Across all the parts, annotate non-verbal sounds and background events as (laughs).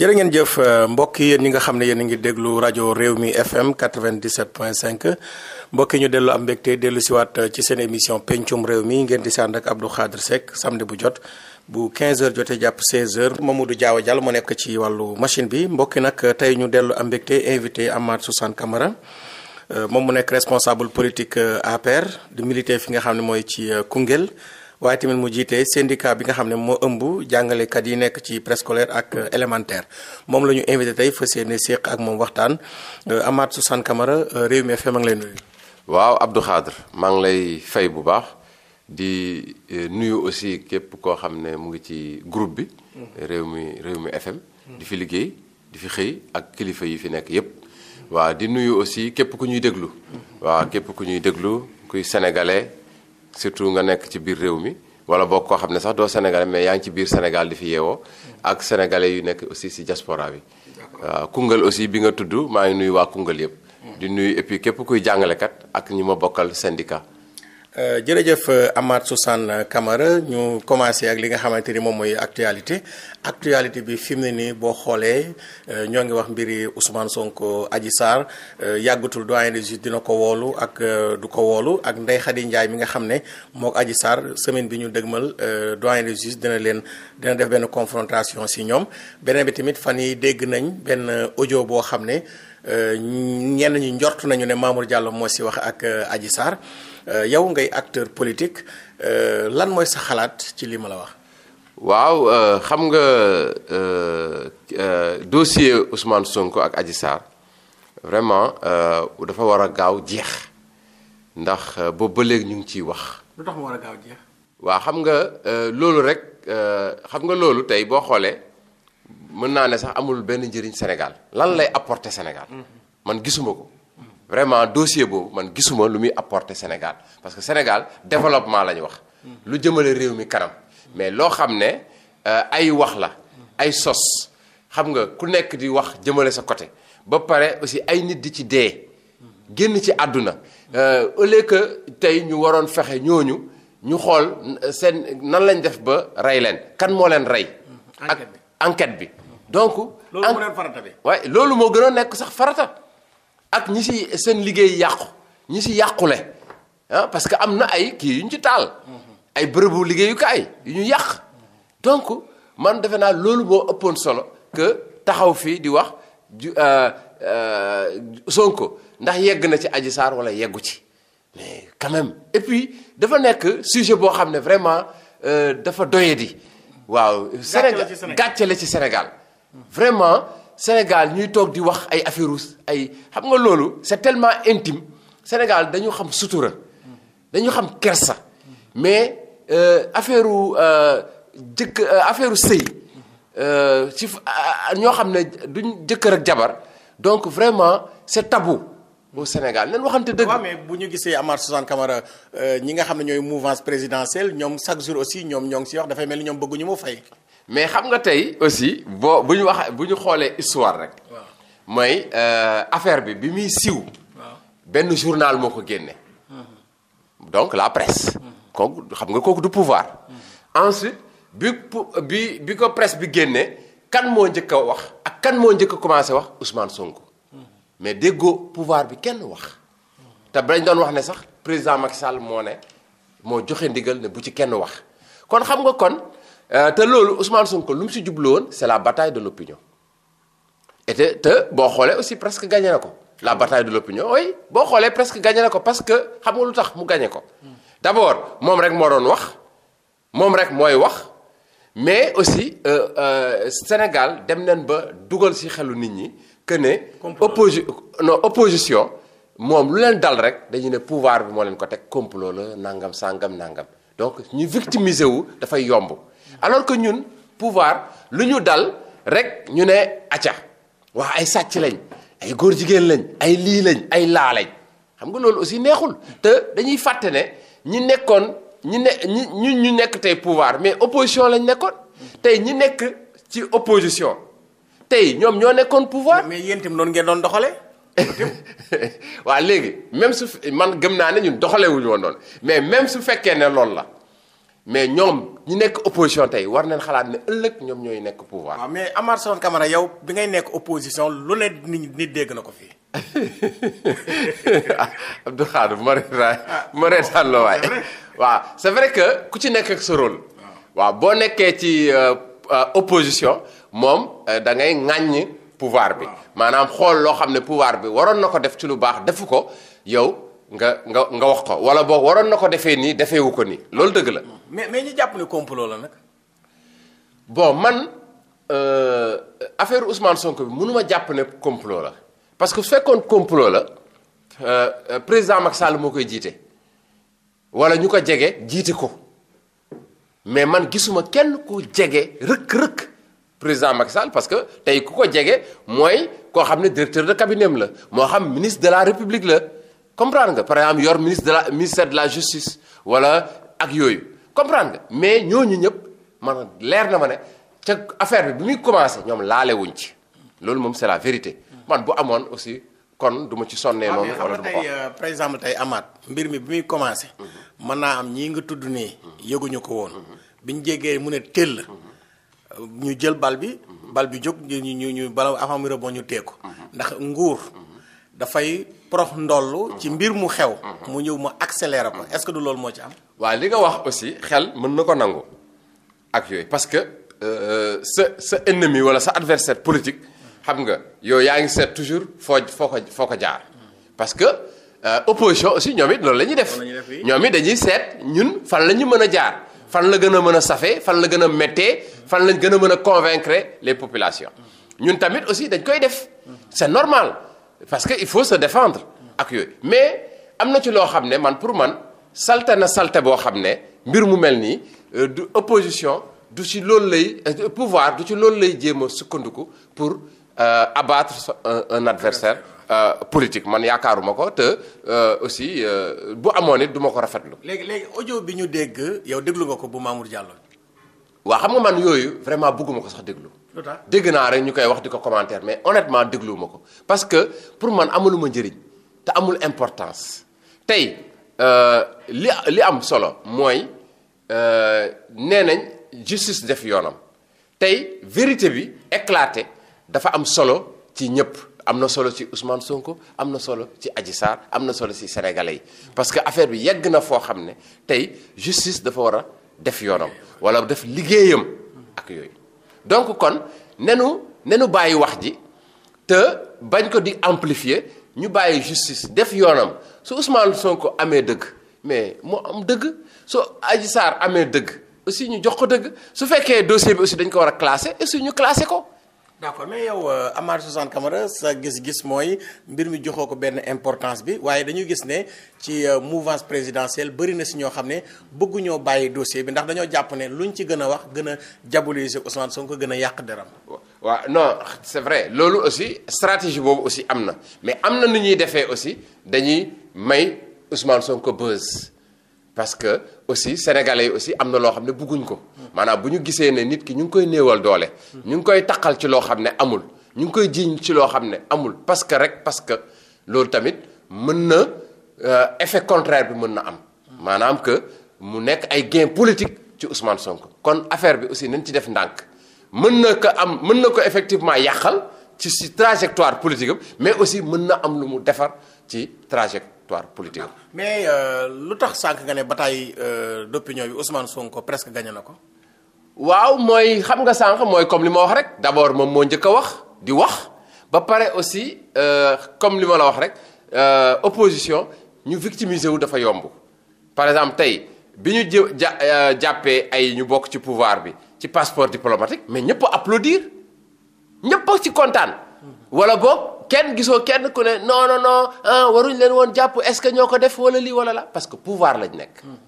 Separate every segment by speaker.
Speaker 1: jërë ngeen jëf euh, mbokk yi yéen nga xam ne yéen a ngi déglu rajo réew mi FM 97.5 mbokk yi ñu dellu am mbégte dellu siwaat euh, ci seen émission pencum réew mi ngeen di sànd ak Abdou Khadre Seck samedi bu jot bu 15h jotee jàpp 16h Mamadou Diaw Diallo moo nekk ci wàllu machine bi mbokki nag euh, tey ñu dellu am mbégte invité Amath Suzane Camara moom mu nekk responsable politique APR du militaire fi nga xam ne mooy ci Koungheul. waaye tamit mu jiite syndicat bi nga xam ne moo ëmb jàngalekat yi nekk ci préscolaire ak euh, élémentaire moom la ñu invité tey fa yéene séq ak moom waxtaan euh, Amath Suzanne Camara euh, Rewmi FM maa ngi lay waaw
Speaker 2: Abdou maa ngi lay fay bu baax di nuyu aussi képp koo xam ne mu ngi ci groupe bi. Mm-hmm. réew mi réew mi FM. Mm-hmm. di fi liggéey di fi xëy ak kilifa yi fi nekk yépp waaw di nuyu aussi képp ku ñuy déglu. Mm-hmm. waaw képp ku ñuy déglu kuy sénégalais. surtout nga nekk ci biir réew mi wala boo koo xam ne sax doo sénégalais mais yaa ngi ci biir Sénégal di fi yeewoo ak sénégalais yu nekk aussi si jaspora bi. waaw Koungheul aussi bi nga tudd maa ngi nuyu waa Koungheul yëpp. di nuyu et képp kuy jàngalekat ak ñi ma bokkal syndicat.
Speaker 1: Euh, jërëjëf euh, Amath Suzanne Camara ñu commencé ak li nga xamante ni moom mooy actualité actualité bi fi mu ne nii boo xoolee euh, ñoo ngi wax mbiri Ousmane Sonko Adji Sarr yàggatul doyen des juges dina ko woolu ak du ko woolu ak Ndeye Khady Ndiaye mi nga xam ne moog Adji Sarr semaine bi ñu dëgmal doyen des juges dina leen dina def benn confrontation si ñoom beneen bi tamit fan yi dégg nañ benn audio boo xam ne ñenn ñi njort nañu ne Mamour Diallo moo si wax ak aji Sarr. Euh, yow ngay acteur politique euh, lan mooy sa xalaat ci lii ma la wax.
Speaker 2: waaw euh, xam nga dossier Ousmane Sonko ak Adji Sarr vraiment dafa war a gaaw jeex ndax boobu ba léegi ñu ngi ciy wax.
Speaker 1: lu war a gaaw
Speaker 2: xam nga loolu rek xam nga loolu tey boo xoolee mën naa ne sax amul benn njëriñ Sénégal lan lay apporter Sénégal. Mm-hmm. man gisuma ko vraiment dossier boobu man gisuma lu muy apporter Sénégal parce que Sénégal développement la ñu wax. lu jëmale réew mi kanam. mais loo xam ne euh, ay wax la ay sos xam nga ku nekk di wax jëmale sa côté ba pare aussi ay nit di ci dee. génn ci àdduna euh, au lieu que tey ñu waroon fexe ñooñu ñu xool euh, seen nan lañ def ba rey leen kan moo leen rey. ak enquête bi donc. waaye loolu moo gënoon nekk sax farata. ak ñi si seen liggéey yàqu ñi si yàqule ah parce que am na ay kii yu ñu ci taal
Speaker 1: mm-hmm.
Speaker 2: ay bërëbu liggéeyukaay yu ñu yàq donc man defe naa loolu boo ëppoon solo que taxaw fii di wax ju euh, euh, Sonko ndax yegg na ci Adji Sarr wala yeggu ci mais quand même et puis dafa nekk sujet boo xam ne vraiment euh, dafa doye di waaw Sénégal gàcce la ci Sénégal vraiment Sénégal ñuy toog di wax ay affaires ay xam nga loolu c'est tellement intime Sénégal dañu xam sutura dañu xam kersa mais euh, affaire euh, jëkk euh, affaire sëy ci
Speaker 1: ñoo xam ne duñ jëkkër ak jabar donc vraiment c'est tabou au Sénégal nañ waxante dëgg. bu ñu gisee Amath Suzanne Camara ñi nga xam ne ñooy mouvance présidentielle ñoom chaque jour aussi ñoom ñoo ngi si wax dafay mel ni ñoom bëgguñu mu fay.
Speaker 2: mais xam nga tey aussi boo bu ñu wax bu ñu xoolee histoire rek. mooy euh, affaire bi bi muy siw benn journal moo ko génne. donc la presse. Mhm. kooku xam nga kooku du pouvoir. Mhm. ensuite bi bi bi ko presse bi génne kan moo njëkk a wax ak kan moo njëkk a commencé wax Ousmane Sonko. Mhm. mais déggoo pouvoir bi kenn wax. te dañ doon wax ne sax président Macky Sall moo ne moo joxe ndigal ne bu ci kenn wax kon xam nga kon. Euh, te loolu Ousmane Sonko lu mu si jublu woon c'est la bataille de l'opinion et te boo xoolee aussi presque gagné na ko la bataille de l'opinion oui boo xoolee presque gagné na ko parce que xam nga lu tax mu gagné ko d'abord moom rek moo doon wax moom rek mooy wax mais aussi euh, euh Sénégal dem nañ ba dugal ci xelu nit ñi que ne opposi non opposition moom lu leen dal rek dañu ne pouvoir bi moo leen ko teg complot la nangam sàngam nàngam donc ñu victimiser wu dafay yomb alors que ñun pouvoir lu ñu dal rek ñu ne acca wax ay sàcc lañ ay góor jigéen lañ ay lii lañ ay laa lañ xam nga loolu aussi neexul te dañuy fàtte ne ñi nekkoon ñi ne ñi ñun ñu nekk tey pouvoir mais opposition lañ nekkoon tey ñi nekk ci opposition tey ñoom ñoo nekkoon pouvoir. mais yéen itam noonu ngeen doon doxalee. (laughs) waaw léegi même su man gëm naa ne ñun doxalee woon noonu mais même su fekkee ne loolu la.
Speaker 1: mais ñoom ñi nekk opposition tey war nañ xalaat ne ëllëg ñoom ñooy nekk pouvoir. waaw mais Amarson Camara yow bi ngay nekk opposition lu ne nit nit dégg na ko fii. (laughs)
Speaker 2: Ah, Abdou Khadre bu ma reetaan ah, ma reetaan la waaw c'est vrai que ku ci nekk ak sa rôle. Ah. waaw boo nekkee ci euh, euh, opposition moom euh, da ngay ŋàññ pouvoir bi maanaam xool loo xam ne pouvoir bi waroon na ko def ci lu baax defu ko yow. nga nga nga wax ko wala boo waroon na ko defee nii defeewu ko nii loolu dëgg la.
Speaker 1: mais mais ñu jàpp ne complot la nag. bon man euh,
Speaker 2: affaire Ousmane Sonko mënuma jàpp ne complot la parce que fekkoon complot la euh, euh, président Macky Sall moo koy jiite wala ñu ko jege jiite ko mais man gisuma kenn ku jege rëkk-rëkk président Macky Sall parce que tey ku ko jege mooy koo xam ne directeur de cabinet la moo xam ministre de la République la. comprendre nga par exemple yor ministre de la ministère de la justice wala ak yooyu comprendre nga mais ñooñu ñëpp man leer na ma ne ca affaire bi bi muy commencé ñoom laale wuñ ci loolu moom c'est la vérité man bu amoon aussi kon du ma ci sonnee ah, noonu wala du
Speaker 1: ma tey euh, amaat mbir mi bi muy commencé mhm. mën naa am ñii nga tudd nii mhm. yëguñu ko woon mhm. bi ñu jégee mu ne tëll ñu jël bal bi bal bi jóg ñu ñu ñu bala avant muy boo ñu teeku ndax nguur dafay prox ndollu mhm. ci mbir mu xew. Mhm. mu ñëw ma accéléré ko mhm. est-ce que du loolu moo ci am. waa li nga
Speaker 2: wax aussi xel mën na ko nangu ak yooyu parce que euh, euh, sa sa ennemi wala sa adversaire politique xam nga yow yaa ngi seet toujours foo foo ko foo ko jaar parce que. Euh, opposition aussi ñoom it loolu la ñuy def ñoom it dañuy seet ñun fan la ñu mën a jaar fan la gën a mën a safee fan la gën a méttee fan lañ gën a mën a convaincre les populations ñun tamit aussi dañ koy def c'est normal parce que il faut sa défendre ak yooyu mais am na ci loo xam ne man pour man salte na salte boo xam ne mbir mu mel nii euh, du opposition du ci loolu lay euh, pouvoir du ci loolu lay jéem a sukkandiku pour euh, abattre un, un adversaire euh, politique man yaakaaruma ko te aussi bu amoon it duma ma ko rafetlu.
Speaker 1: léegi léegi audio bi ñu dégg yow déglu nga ko bu Mamour Diallo.
Speaker 2: waaw xam nga man yooyu vraiment bëgguma ko sax déglu. dégg naa rek ñu koy wax di ko commentaire mais honnêtement dégluwuma ko parce que pour man amuluma njariñ te amul importance tey euh, li li am solo mooy euh, nee nañ justice def yoonam tey vérité bi éclaté dafa am solo ci ñëpp am na solo ci Ousmane Sonko am na solo ci Adji Sarr am na solo ci sénégalais yi parce que affaire bi yegg na foo xam ne tey justice dafa war a def yoonam wala def liggéeyam ak yooyu. donc kon nenu nenu bàyyi wax ji te bañ ko di amplifier ñu bàyyi justice def yoonam su soo ko amee dëgg mais moo am dëgg soo Adji Sarr amee dëgg aussi
Speaker 1: ñu jox ko dëgg su fekkee dossier bi aussi dañ ko war a classé aussi ñu classé ko d'accord mais yow euh, Amath Suzanne Camara sa gis-gis mooy mbir mi joxoo ko benn importance bi waaye dañuy gis ne ci euh, mouvance présidentielle bëri na si ñoo xam ne bëgguñoo bàyyi dossier bi ndax dañoo jàpp ne lu luñ ci gën a wax gën a diaboliser Ousmane ko gën a yàq deram waa non
Speaker 2: c'est vrai loolu aussi stratégie boobu aussi am na mais am na nu ñuy defee aussi dañuy may Ousmane Sonko buzz parce que aussi sénégalais yi aussi am na loo xam ne bugguñ ko maanaam bu ñu gisee ne nit ki ñu ngi koy néewal doole ñu ngi koy taqal ci loo xam ne amul ñu ngi koy jiiñ ci loo xam ne amul parce que rek parce que loolu tamit mën na euh, effet contraire bi mën na am maanaam que mu nekk ay gain politique ci Ousmane sonk kon affaire bi aussi nañ ci def ndànk mën na ko am mën na ko effectivement yàqal ci si trajectoire politique am mais aussi mën na am lu mu defar ci trajectoire trajectoire politique ah,
Speaker 1: mais euh, lu tax sànq nga ne bataille euh, d'opinion bi Ousmane Sonko presque gagné na ko. waaw mooy xam nga sànq mooy comme li ma wax rek d'abord moom moo njëkk
Speaker 2: a wax di wax ba pare aussi euh, comme li ma la wax rek opposition ñu victimiser wu dafa yomb par exemple tey bi ñu ja jàppee ay ñu bokk ci pouvoir bi ci passeport diplomatique mais ñëpp applaudir ñëpp ci kontaan mm-hmm. wala boog kenn gisoo kenn ku ne non non non ah, waruñ leen woon jàpp est-ce que ñoo ko def wala lii wala la parce que pouvoir lañ nekk hmm.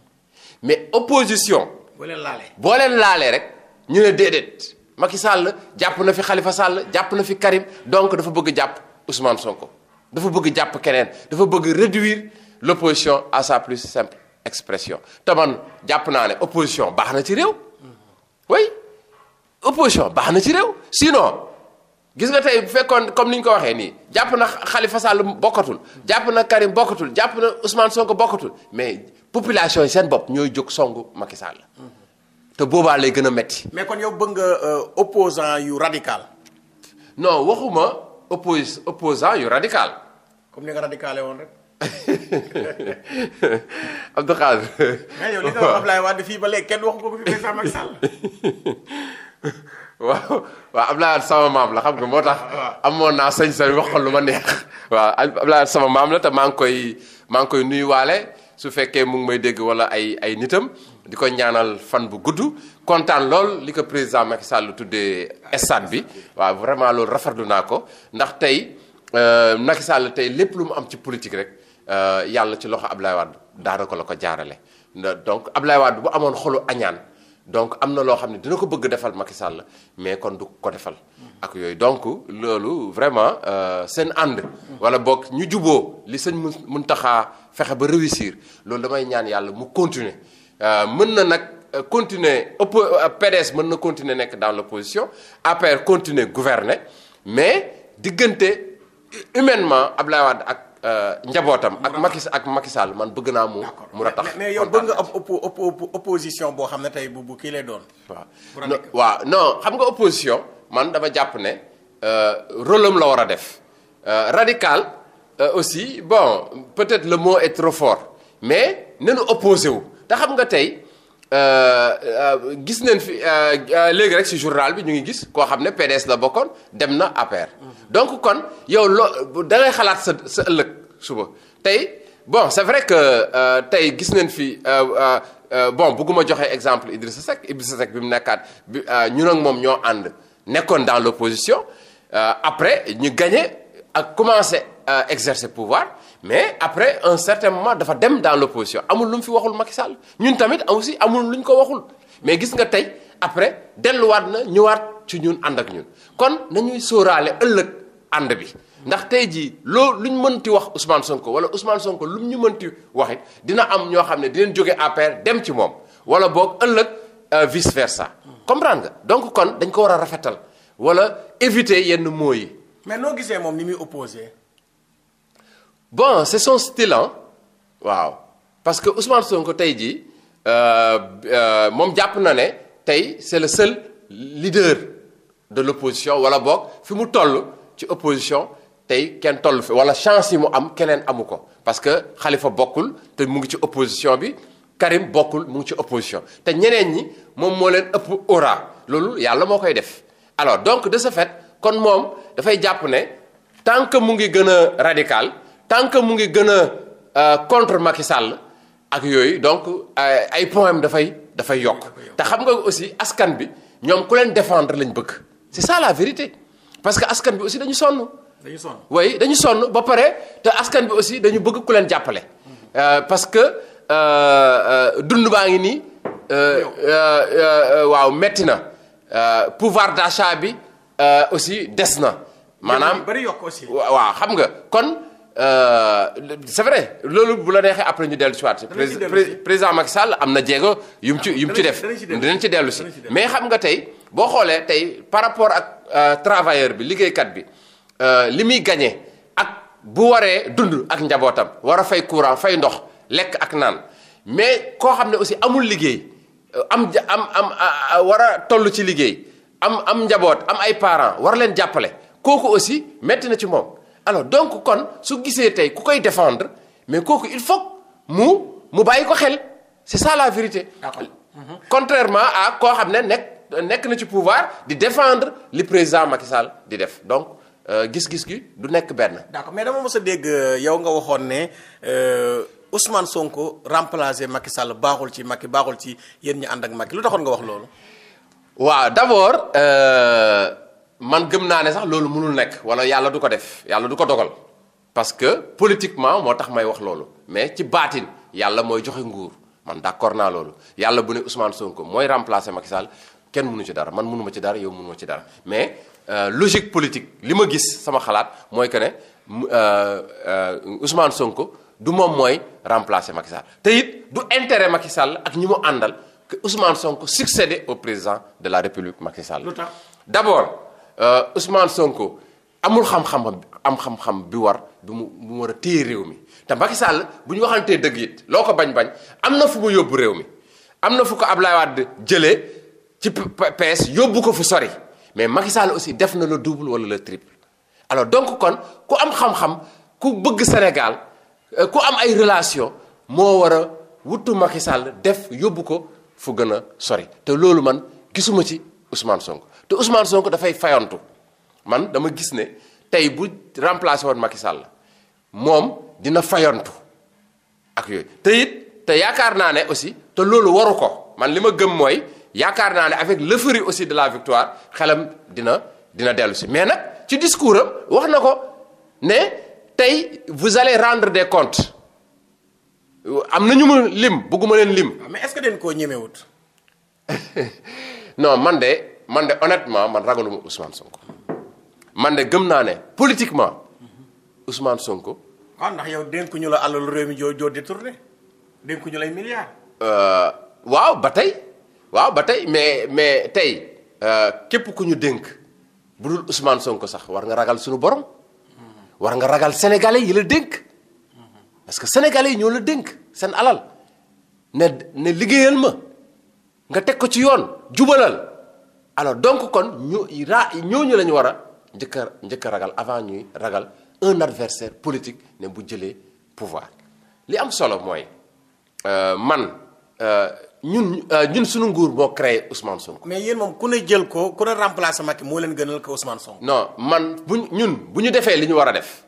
Speaker 2: mais opposition. boo leen laalee boo leen laalee rek ñu ne déedéet Macky Sall jàpp na fi Khalifa Sall jàpp na fi Karim donc dafa bëgg jàpp Ousmane Sonko dafa bëgg jàpp keneen dafa bëgg réduire l'opposition à sa plus simple expression te jàpp naa ne opposition baax na ci réew. Hmm. oui opposition baax na ci réew sinon. gis nga tey bu fekkoon comme ni ñu ko waxee nii jàpp na xalifa Sall bokkatul jàpp na Karim bokkatul jàpp na soo ko bokkatul mais population yi seen bopp ñooy jóg songu Macky Sall te boobaa lay gën a metti
Speaker 1: mais kon yow bëgg nga euh, opposant yu radical non waxuma oppos opposant yu radical comme ni nga radicalé woon rek (laughs) Abdou Khadre mais yow li nga fii ba léegi kenn waxu ko fi président
Speaker 2: (laughs) waaw waaw Abdoulaye sama maam la xam nga moo tax. amoon naa sañ-sañ wax ko lu ma neex. waaw Abdoulaye sama maam la te maa ngi koy maa ngi koy nuyuwaale su fekkee mu ngi may dégg wala ay ay nitam. di ko ñaanal fan bu gudd kontaan lool li ko président Macky Sall tuddee stade bi waaw vraiment loolu rafetlu naa ko ndax tey euh, Macky Sall tey lépp lu mu am ci politique rek euh, yàlla ci loxo Abdoulaye Wade daana la ko jaarale donc Abdoulaye Wade bu amoon xolu añaan donc am na loo xam ne dina ko bëgg defal Macky Sall mais kon du ko defal. ak yooyu donc loolu vraiment euh, seen ànd. wala book ñu juboo li mun Mountakha fexe ba réussir loolu damay ñaan yàlla mu continuer euh, mën na nag euh, continuer ëpp PDS mën na continuer nekk dans position APR continuer gouverner mais diggante humainement Abdoulaye Wade ak. Euh, njabootam ak Macky ak Macky man bëgg naa mu. mu ratax mais yow
Speaker 1: bëgg nga opposition boo xam ne tey bu bu kii lay doon.
Speaker 2: waaw waaw non xam nga opposition man dama jàpp ne euh, rôle am la war a def euh, radical aussi bon peut-être le mot est trop fort mais nanu opposé wu te xam nga tey. Euh, euh, gis nañ fi euh, léegi rek ci journal bi ñu ngi gis koo xam ne PDS la bokkoon dem na APR. donc kon yow loo da xalaat sa ëllëg suba tey bon c'est vrai que tey gis nañ fi bon bugguma joxe exemple Idrissa Seck Idrissa Seck bi mu nekkaat bi ñun ak moom ñoo ànd nekkoon dans l'opposition après ñu gagné ak commencé exercer pouvoir. mais après un certain moment dafa dem dans l'opposition amul lu mu fi waxul Macky Sall ñun tamit aussi amul lu ñu ko waxul mais gis nga tey après delluwaat na ñëwaat ci ñun ànd ak ñun kon nañuy sóoraale ëllëg ànd bi ndax tey jii loo luñ mënti wax Ousmane Sonko wala Ousmane Sonko lu ñu mënti waxit dina am ñoo xam ne dinañ jóge APR dem ci moom wala boog ëllëg euh, vice versa comprendre nga donc kon dañ ko war a rafetal wala éviter yenn mots yi
Speaker 1: mais noo gisee moom ni muy opposé
Speaker 2: bon c'est son style waaw parce que Ousmane ko tey jii euh, euh, moom jàpp na ne tey c'est le seul leader de l'opposition wala boog fi mu toll ci opposition tey kenn toll fi wala chance yi mu am keneen amu ko parce que Khalifa bokkul te mu ngi ci opposition bi Karim bokkul mu ngi ci opposition te ñeneen ñi moom moo leen ëpp aura loolu yàlla moo koy def alors donc de ce fait kon moom dafay jàpp ne tant que mu ngi gën a radical tant que mu ngi gën a euh, contre Macky Sall ak yooyu donc euh, ay points dafay dafay yokk te xam nga aussi askan bi ñoom ku leen défendre lañ bëgg c'est ça la vérité parce que askan bi aussi dañu sonn. dañu sonn oui dañu sonn ba pare te askan bi aussi dañu bëgg ku leen jàppale. Mm-hmm. Euh, parce que dund baa ngi nii. waaw metti na pouvoir d'achat bi aussi des na. maanaam
Speaker 1: bari yokk waaw
Speaker 2: xam nga kon. Euh, c' est vrai loolu bu la neexee après ñu dellu si waat. président mag Sall am na jéego yu mu ci yu mu ci def. dinañ ci dellu si mais xam nga tey boo xoolee tey par rapport ak euh, travailleur bi liggéey kat bi euh, li muy gañee ak bu waree dund ak njabootam war a fay courant fay ndox lekk ak naan mais koo xam ne aussi amul liggéey am am am war a toll ci liggéey am am njaboot am ay parents war leen jàppale kooku aussi metti na ci moom. alors donc kon su gisee tey ku koy défendre mais kooku il faut mu mu bàyyi ko xel c'est ça la vérité. contrairement à koo xam ne nekk nekk na ci pouvoir di défendre li président Macky Sall di def donc euh, gis-gis gi du nekk benn.
Speaker 1: d'accord mais dama mës a dégg euh, yow nga waxoon ne euh, Ousmane Sonko remplacer Macky Sall baaxul ci Macky baaxul ci yéen ñu ànd ak Macky lu taxoon nga wax loolu. waaw d'abord. Euh... man gëm naa ne
Speaker 2: sax loolu mënul nekk wala yàlla du ko def yàlla du ko dogal parce que politiquement moo tax may wax loolu mais ci baatin yàlla mooy joxe nguur man d'accord naa loolu yàlla bu ne Ousmane Sonko mooy remplacer Macky kenn munu ci dara man mënuma ci dara yow mënuma ci dara mais euh, logique politique li ma gis sama xalaat mooy que ne euh, euh, Ousmane Sonko du moom mooy remplacer Macky Sall te it du intérêt Macky Sall ak ñi mu àndal que Ousmane Sonko succéder au président de la République Macky Sall. lu tax d'abord. Euh, Ousmane Sonko amul xam-xam am xam-xam bi war bi mu war a téye réew mi te Macky bu ñu waxantee dëgg it loo ko bañ-bañ am na fu ko yóbbu réew mi am na fu ko Ablaye Wade jëlee ci PS yóbbu ko fu sori mais Macky Sall aussi def na le double wala le triple alors donc kon ku am xam-xam ku bëgg Sénégal euh, ku am ay relation moo war a wutu Macky def yóbbu ko fu gën a sori te loolu man gisuma ci Ousmane sonk te Ousmane Sonko dafay fayantu man dama gis ne tey bu remplacé woon Macky Sall moom dina fayantu ak yooyu te it te yaakaar naa ne aussi te loolu waru ko man li ma gëm mooy yaakaar naa ne avec l'euphorie aussi de la victoire xelam dina dina dellu si mais nag ci discours am wax na ko ne tey vous allez rendre des comptes am nañu ma lim bëgguma leen lim. Ah, mais est-ce que dañ
Speaker 1: koo ñemewut.
Speaker 2: (laughs) non man de. man de honnêtement man ragaluma Ousmane Sonko man de gëm naa ne politiquement Ousmane Sonko.
Speaker 1: waaw ah, ndax yow dénkuñu la alalu réew mi joo joo détourné dénkuñu lay milliards.
Speaker 2: Euh, waaw ba tey waaw ba tey mais mais tey euh, képp ku ñu dénk bu dul Ousmane Sonko sax war nga ragal suñu borom. war nga ragal sénégalais yi la dénk. parce que sénégalais yi ñoo la dénk seen alal ne ne liggéeyal ma nga teg ko ci yoon jubalal. alors donc kon ñu ra ñooñu la ñu war a njëkk a njëkk ragal avant ñuy ragal un adversaire politique ne bu jëlee pouvoir li am solo mooy euh, man euh, ñun euh, ñun suñu nguur moo créé Ousmane Sonko.
Speaker 1: mais yéen moom ku ne jël ko ku ne remplacer Macky moo leen gënal ko Ousmane Sonko.
Speaker 2: non man bu ñun bu ñu defee li ñu war a def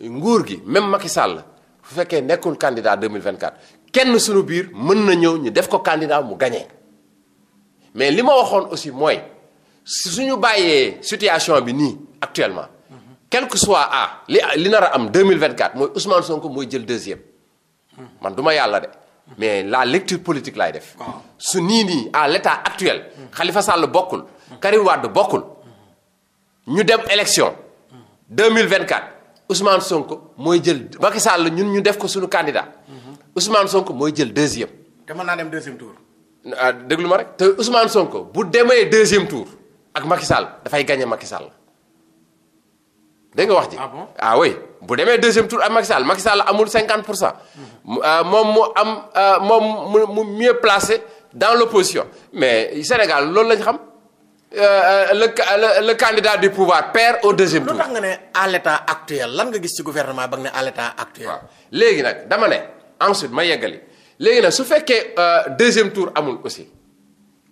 Speaker 2: nguur gi même Macky Sall bu fekkee nekkul candidat 2024 kenn sunu biir mën na ñëw ñu def ko candidat mu gañe mais li ma waxoon aussi mooy suñu bàyyee situation bi nii actuellement quelque que soit a li li nar a am 2024 mooy Ousmane Sonko mooy jël deuxième man du ma yàlla de mais la lecture politique laay def ah. su nii nii à l'état actuel Khalifa Sall bokkul Karim Wade bokkul ñu dem élection 2024 Ousmane Sonko mooy jël Macky Sall ñun ñu def ko suñu candidat Ousmane Sonko mooy jël deuxième.
Speaker 1: te mën naa dem deuxième tour. ah
Speaker 2: déglu ma rek te Ousmane Sonko bu demee deuxième tour ak Macky Sall dafay gagné Macky Sall dégg nga wax ji. ah bon ah bu demee deuxième tour ak Macky Sall Macky amul 50 pour cent. Ah, moom mu am ah, moom mu mieux placé dans l' opposition mais Sénégal loolu lañ xam. Euh, euh le, le le candidat du pouvoir perd au deuxième tour. lu tax nga ne à l'état actuel lan nga gis ci gouvernement ba nga ne à l'état actuel. léegi nag dama ne ensuite ma yeggali. léegi nag su fekkee euh, deuxième tour amul aussi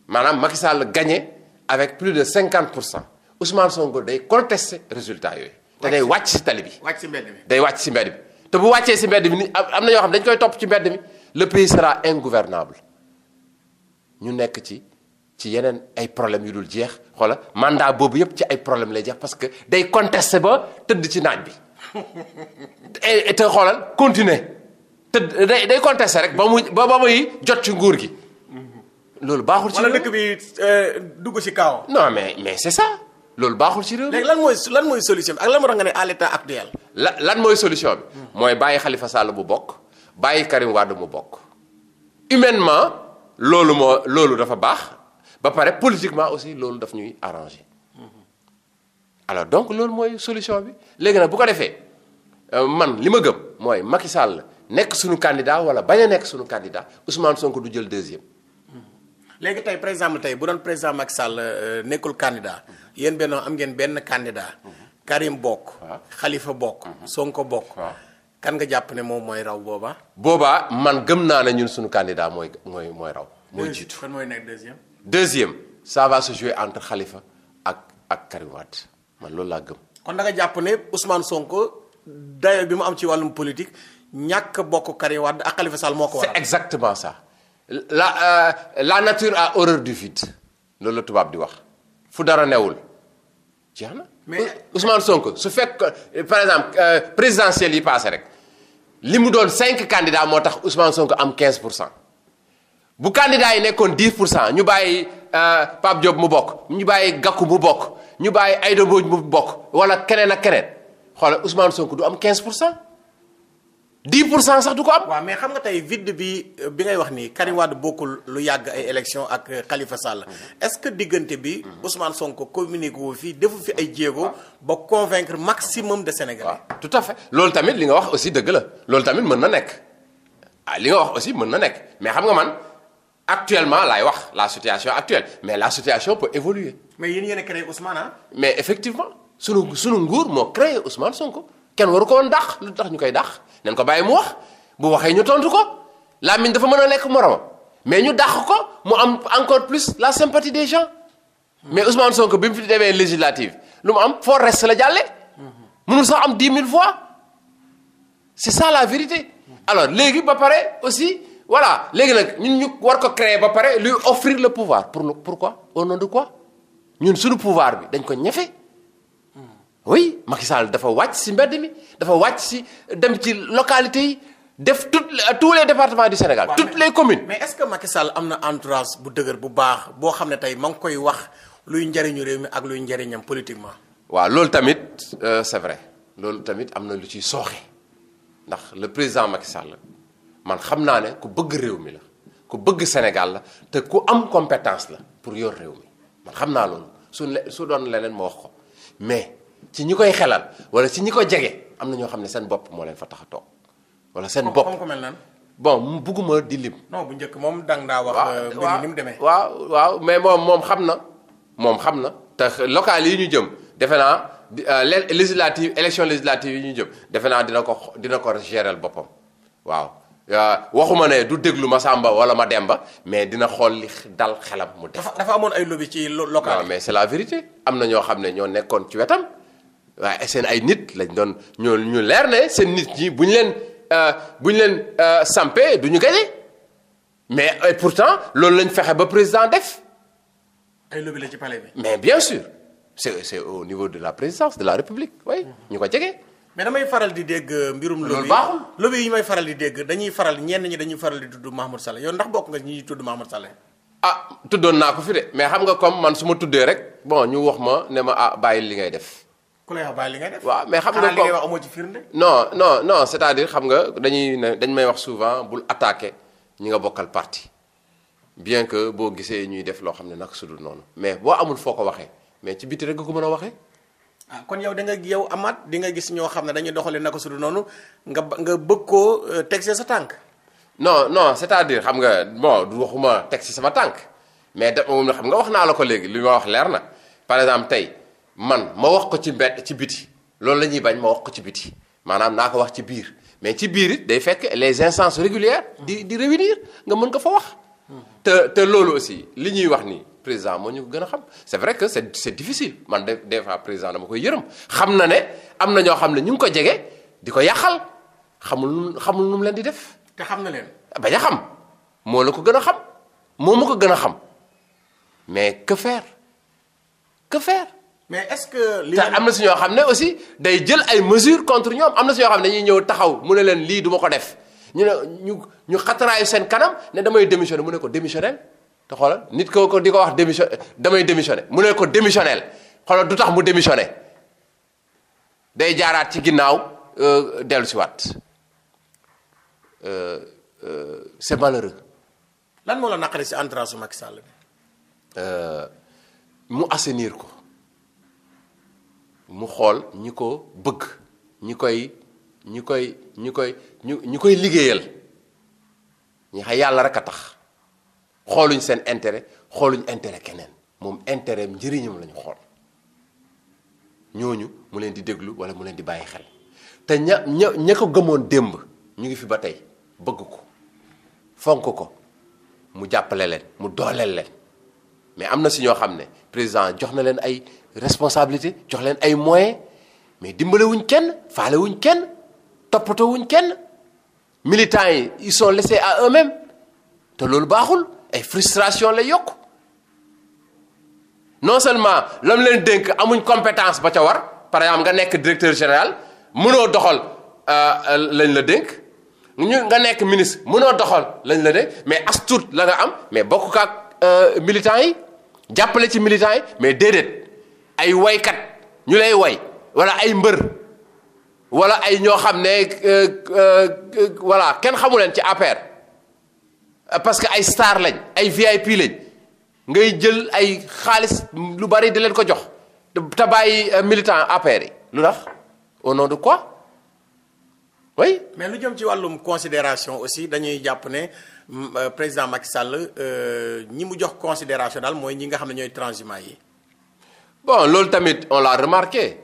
Speaker 2: maanaam Macky Sall gagné avec plus de cinquante pour cent Ousmane Sonko day contester résultat yooyu. te day wàcc si tali bi. wàcc si mbedd bi day wàcc si mbedd bi. te bu wàccee si mbedd bi ni am na ñoo xam dañ koy topp ci mbedd mi le pays sera ingouvernable ñu nekk ci ci yeneen ay problèmes yu dul jeex xoola mandat boobu yëpp ci ay problème lay jeex parce que day contester ba tëdd ci naaj bi (laughs) te xoolal continuer. te day day contesté rek ba mu ba ba muy jot ci nguur gi. loolu
Speaker 1: baaxul ci réew wala dëkk bi euh, dugg ci kaw. non mais mais c'est ça loolu baaxul ci réew. lan mooy lan mooy solution ak lan nga ne à l'état actuel.
Speaker 2: la lan mooy solution bi. mooy bàyyi xalifa sàll bu bokk bàyyi Karim Wade mu bokk. humainement loolu moo loolu dafa baax ba pare politiquement aussi loolu daf ñuy arranger. alors donc loolu mooy solution bi léegi nag bu ko defee euh, man li ma gëm mooy Macky Sall. nekk suñu candidat wala bañ a nekk suñu candidat Ousmane Sonko du jël deuxième.
Speaker 1: léegi tey par exemple tey bu doon président Macky Sall euh, nekkul candidat yéen benn am ngeen benn candidat. Karim bokk. xalifa bokk. Mhm. Sonko bokk. kan nga jàpp ne moom mooy raw boobaa.
Speaker 2: boobaa man gëm naa ne ñun suñu candidat mooy mooy mooy raw. mooy jiitu
Speaker 1: mooy nekk deuxième.
Speaker 2: deuxième ça va entre Khalifa ak ak Karim man loolu
Speaker 1: laa gëm. kon da nga Sonko dayo bi mu am ci wàllum politique. ñàkk bokk Karim Wade ak Khalifa Sall moo ko waral. c'est exactement ça la euh, la nature
Speaker 2: a horreur du vide loolu la tubaab di wax fu dara newul jeex na. mais Ousmane sonk su fekk par exemple euh, présidentielle yi paase rek li mu doon cinq candidats moo tax Ousmane Sonko am 15 pour cent bu candidats yi nekkoon 10 pour cent ñu bàyyi euh, Pape Diop mu bokk ñu bàyyi Gakou mu bokk ñu bàyyi Aïda Mbodj mu
Speaker 1: bokk wala keneen ak keneen xoolal Ousmane Sonko du am 15 pour cent. 10 pour cent sax du ko am. waaw mais xam nga tey vide bi euh, bi ngay wax nii Karim bokkul lu yàgg ay élection ak euh, kalifa Sall. Mhm. est-ce que diggante bi. Mhm. Ousmane Sonko communiqué woo fii defu fi ay jéego. ba convaincre maximum de Sénégalais. tout à fait
Speaker 2: loolu tamit li nga wax aussi dëgg la loolu tamit mën na nekk ah li nga wax aussi mën na nekk mais xam nga man actuellement laay wax la situation actuelle mais la situation peut évoluer.
Speaker 1: mais yéen yéen a créé Ousmane ah.
Speaker 2: mais effectivement sunu sunu nguur moo créé Ousmane Sonko. kenn waru ko woon dàq lu tax ñu koy dàq nañ ko bàyyi mu wax bu waxee ñu tontu ko làmmiñ dafa mën a lekk morom mais ñu dàq ko mu am encore plus la sympathie des gens mais Ousmane Sonko bi mu fi demee législative lu mu am foo reste la jàlle mënul sax am dix mille voix c'est ça la vérité alors léegi ba pare aussi voilà léegi nag ñun ñu war ko créer ba pare lui offrir le pouvoir pour pourquoi au nom de quoi ñun suñu pouvoir bi dañ ko ñefe oui Macky Sall dafa wàcc si mbedd mi dafa wàcc si dem ci localité yi
Speaker 1: def tout tous les départements du Sénégal. Ouais, les communes. mais est-ce que Macky am na entourage bu dëgër bu baax boo xam ne tey ma ngi koy wax luy njëriñu réew mi ak luy njëriñam politiquement.
Speaker 2: waaw loolu tamit euh, c'est vrai loolu tamit am na lu ciy sooxe ndax le président Macky la man xam naa ne ku bëgg réew mi la ku bëgg Sénégal la te ku am compétence la pour yor réew mi man xam naa loolu su su doon leneen ma wax ko mais. ci ñi koy xelal wala ci ñi ko jege am na ñoo xam ne seen bopp moo leen fa tax toog wala seen bopp ko mel bon bugguma di lim.
Speaker 1: non bu njëkk moom dang daa wax. Euh, mu demee waaw waaw mais moom moom xam na moom xam na.
Speaker 2: te local yi ñu jëm defe naa euh, législative élection législative yi ñu jëm defe naa dina ko dina ko gérer boppam waaw. Euh, waxuma ne du déglu ma Samba wala ma Demba mais dina xool li dal xelam mu def. dafa amoon ay lobby ci local. mais c'est la vérité am na ñoo xam ne ñoo nekkoon ci wetam. waaye seen ay nit lañ doon ñoo ñu leer ne seen nit ñi bu ñu leen euh, bu ñu leen euh, sampe du ñu gañe mais et pourtant loolu lañ fexe ba président
Speaker 1: def. ay lobby la ci palais bi.
Speaker 2: mais bien sûr c'est c'est au niveau de la présidence de la république oui ñu ko jege.
Speaker 1: mais damay faral di dégg euh, mbirum. loolu baaxul lobby yi may faral di dégg dañuy faral ñenn ñi dañuy faral di tudd Mahmoud Saleh yoon ndax bokk nga ñi tudd Mahmoud Saleh.
Speaker 2: ah tuddoon naa ko fi de mais xam nga comme man su ma tuddee rek bon ñu wax ma ne ma ah bàyyi li ngay def.
Speaker 1: ku lay li nga def. waaw mais xam nga li ngay wax amoo ci firnde.
Speaker 2: non non non cest xam nga dañuy ne dañ may wax souvent bul attaquer ñi nga bokkal parti bien que boo gisee
Speaker 1: ñuy def loo xam ne nag sudul noonu mais boo amul foo ko waxee mais ci biti rek nga ko mën a waxee. ah kon yow danga nga yow amaat di nga gis ñoo xam ne dañuy doxalee naka sudul noonu nga nga bëgg koo euh, teg sa tànk.
Speaker 2: no no cest à xam nga bon du waxuma teg si sama tànk mais da moom xam nga wax naa la ko léegi li ma wax leer na par exemple tey. man ma wax ko ci mbedd ci biti loolu la ñuy bañ ma wax ko ci biti maanaam naa ko wax ci biir mais ci biir it day fekk les instances régulières di di réunir nga mën ko fa wax te te loolu aussi li ñuy wax nii président moo ñu gën a xam c'est vrai que c'est c'est difficile man de des fois président dama koy yërëm xam na ne am na ñoo xam ne ñu ngi ko jege di ko yàqal xamul xamul nu mu
Speaker 1: leen di def. te xam na leen.
Speaker 2: bañ a xam moo la ko gën a xam moo ma ko gën a xam mais que
Speaker 1: mais est-ce que. te am na
Speaker 2: si ñoo xam ne aussi day jël ay mesures contre ñoom am na si ñoo xam ne dañuy ñëw taxaw mu ne leen lii duma ko def ñu ne ñu ñu xataraayu seen kanam ne damay démissionné mu ne ko démissionnel te xoolal nit ko ko di ko wax démission damay démissionné mu ne ko démissionnel xoolal du tax mu démissionné day jaaraat ci ginnaaw euh, dellu si waat euh, euh, c'est malheureux.
Speaker 1: lan moo la naqari si entourage Macky Sall
Speaker 2: bi. mu assainir ko. mu xool ñi ko bëgg ñi koy ñi koy ñi koy ñu ñi koy liggéeyal ñi xa yàlla rek a tax xooluñ seen intérêt xooluñ intérêt keneen moom intérêt am njëriñam la ñu xool ñooñu mu leen di déglu wala mu leen di bàyyi xel te ña ña ña ko gëmoon démb ñu ngi fi ba tey bëgg ko fonk ko mu jàppale leen mu dooleel leen mais am na si ñoo xam ne président jox na leen ay responsabilité jox leen ay moyens mais dimbalewuñ kenn faalewuñ kenn toppatowuñ kenn militants yi ils sont laissés à eux-mêmes te loolu baaxul ay frustration lay yokk non seulement lam leen dénk amuñ compétence ba ca war par exemple nga nekk directeur général mënoo doxal euh, euh, lañ la dénk ñu nga nekk ministre mënoo doxal lañ la dénk mais as la nga am mais bokk ak euh, militants yi jàppale ci militants yi mais déedéet ay woykat ñu lay way wala ay mbër wala ay ñoo xam ne euh, euh, euh, voilà kenn xamu leen ci APR parce que ay star lañ ay VIP lañ ngay jël ay xaalis lu bari di leen ko jox te bàyyi militant
Speaker 1: APR yi lu tax au nom quoi oui. mais lu jëm ci wàllum considération aussi dañuy jàpp ne président Macky Sall ñi mu jox considération daal mooy ñi nga xam ne ñooy transhumants yi.
Speaker 2: bon loolu tamit on l'a remarqué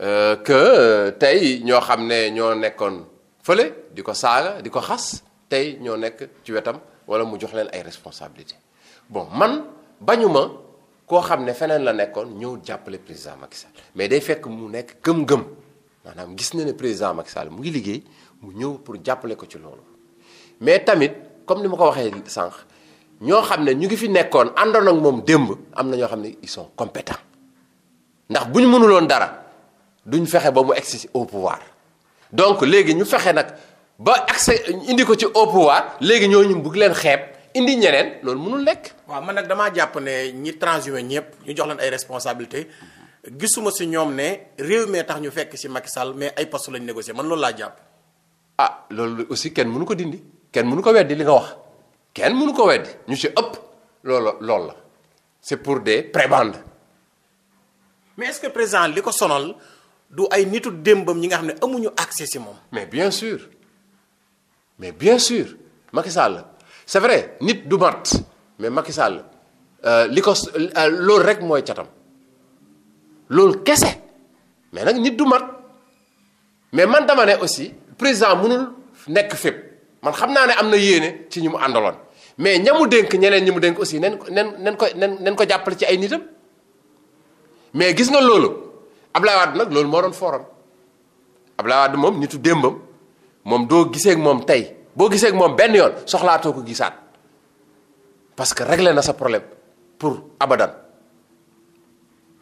Speaker 2: euh, que euh, tey ñoo xam ne ñoo nekkoon fële di ko saaga di ko xas tey ñoo nekk ci wetam wala mu jox leen ay responsabilités bon man bañuma koo xam ne feneen la nekkoon ñëw jàppale président Macky Sall mais day fekk mu nekk gëm-gëm maanaam gis na ne président Macky Sall mu ngi liggéey mu ñëw pour jàppale ko ci loolu mais tamit comme ni ma ko waxee sànq ñoo xam ne ñu ngi fi nekkoon àndoon ak moom démb am na ñoo xam ne ils sont ndax bu ñu loon dara duñ fexe ba mu egsi au pouvoir donc léegi ñu fexe nag ba accès
Speaker 1: indi ko ci au pouvoir léegi ñooñu bugg leen xeeb indi ñeneen loolu mënul nekk. waaw man nag damaa jàpp ne ñi transhumé ñëpp ñu jox leen ay responsabilité gisuma si ñoom ne réew mee tax ñu fekk si Macky Sall mais ay poste lañ négocié man loolu laa jàpp.
Speaker 2: ah loolu aussi kenn mënu ko dindi kenn mënu ko weddi li nga wax kenn mënu ko weddi ñu si ëpp lool loolu la c'est pour des prébendes.
Speaker 1: mais est-ce que président li ko sonal du ay nitu démbam ñi nga xam ne amuñu accès si moom. mais bien suir
Speaker 2: mais bien suir Macky Sall c'est vrai nit du mat mais Macky Sall euh, li ko euh, loolu rek mooy catam loolu kese mais nag nit du mat mais man dama ne aussi président mënul nekk fépp man xam naa ne am na yéene ci ñi mu àndaloon mais ñamu dénk ñeneen ñi mu dénk aussi nen nen nen ko nen nen ko jàppale ci ay nitam. mais gis nga loolu Ablaye Wade nag loolu moo doon foram Ablaye Wade moom nitu démbam moom doo gisee moom tey boo gisee moom benn yoon soxlaatoo ko gisaat parce que réglé na sa problème pour abadan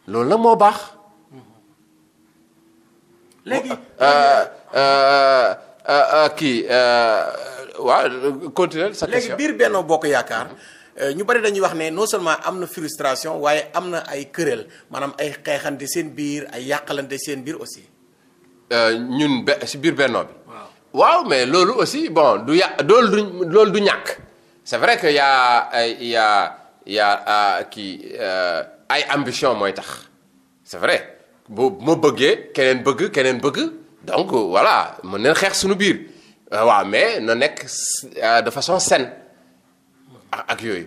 Speaker 2: loolu la moo baax.
Speaker 1: léegi euh, euh, euh, kii waaw continuer sa question léegi biir Benno Bokk Yaakaar. Euh, ñu bari dañuy wax ne non seulement am na frustration waaye am na ay këréel maanaam ay xeexante seen biir ay yàqalante seen biir aussi.
Speaker 2: Euh, ñun be si biir bennoo bi. waaw mais loolu aussi bon du yà dool du loolu du ñàkk c'est vrai que yaa yaa euh, ay ambition mooy tax c'est vrai bu ma bëggee keneen bëgg keneen bëgg donc voilà mën nañ xeex suñu biir waaw mais na nekk de façon saine. ak yooyu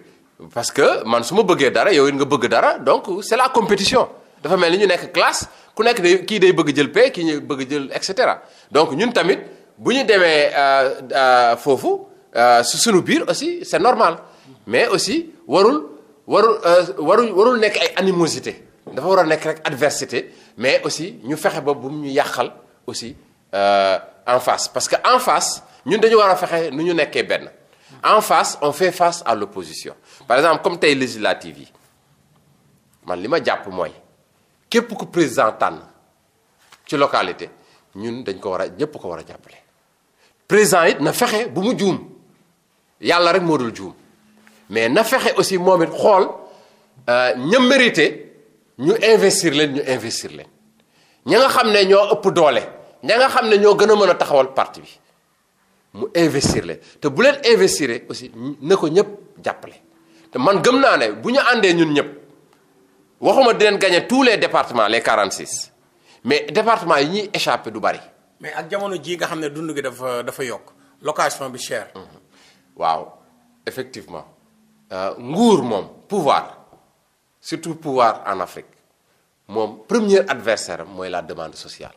Speaker 2: parce que man su ma bëggee dara yow it nga bëgg dara donc c'est la compétition dafa mel ni ñu nekk classe ku nekk day kii day bëgg jël paie kii ñu bëgg jël et cetera donc ñun tamit bu ñu demee euh, euh, foofu euh, su sunu biir aussi c'est normal mais aussi warul warul warul warul nekk ay animosité dafa war a nekk rek adversité mais aussi ñu fexe ba bu mu ñu yàqal aussi en face parce que en face ñun dañu war a fexe nu ñu nekkee benn en face on fait face à l'opposition par exemple comme tey législative yi man li ma jàpp mooy képp ku président tànn ci localité ñun dañ ko war a ñépp ko war a jàppale président it na fexe bu mu juum yàlla rek moo dul juum mais na fexe aussi moom it xool euh, ña mérité ñu investir leen ñu investir leen ña nga xam ne ñoo ëpp doole ña nga xam ne ñoo gën a mën a taxawal parti bi mu investir leen te bu leen investir aussi ne ko ñëpp jàppale te man gëm naa ne bu ñu àndee ñun ñëpp waxuma dinañ gagné tous les départements les 46 mais département yi ñuy échappé du bari.
Speaker 1: mais ak jamono jii nga xam ne dund gi dafa dafa yokk location bi cher. Mhm. waaw effectivement
Speaker 2: euh, nguur moom pouvoir surtout pouvoir en Afrique moom premier adversaire mooy la demande sociale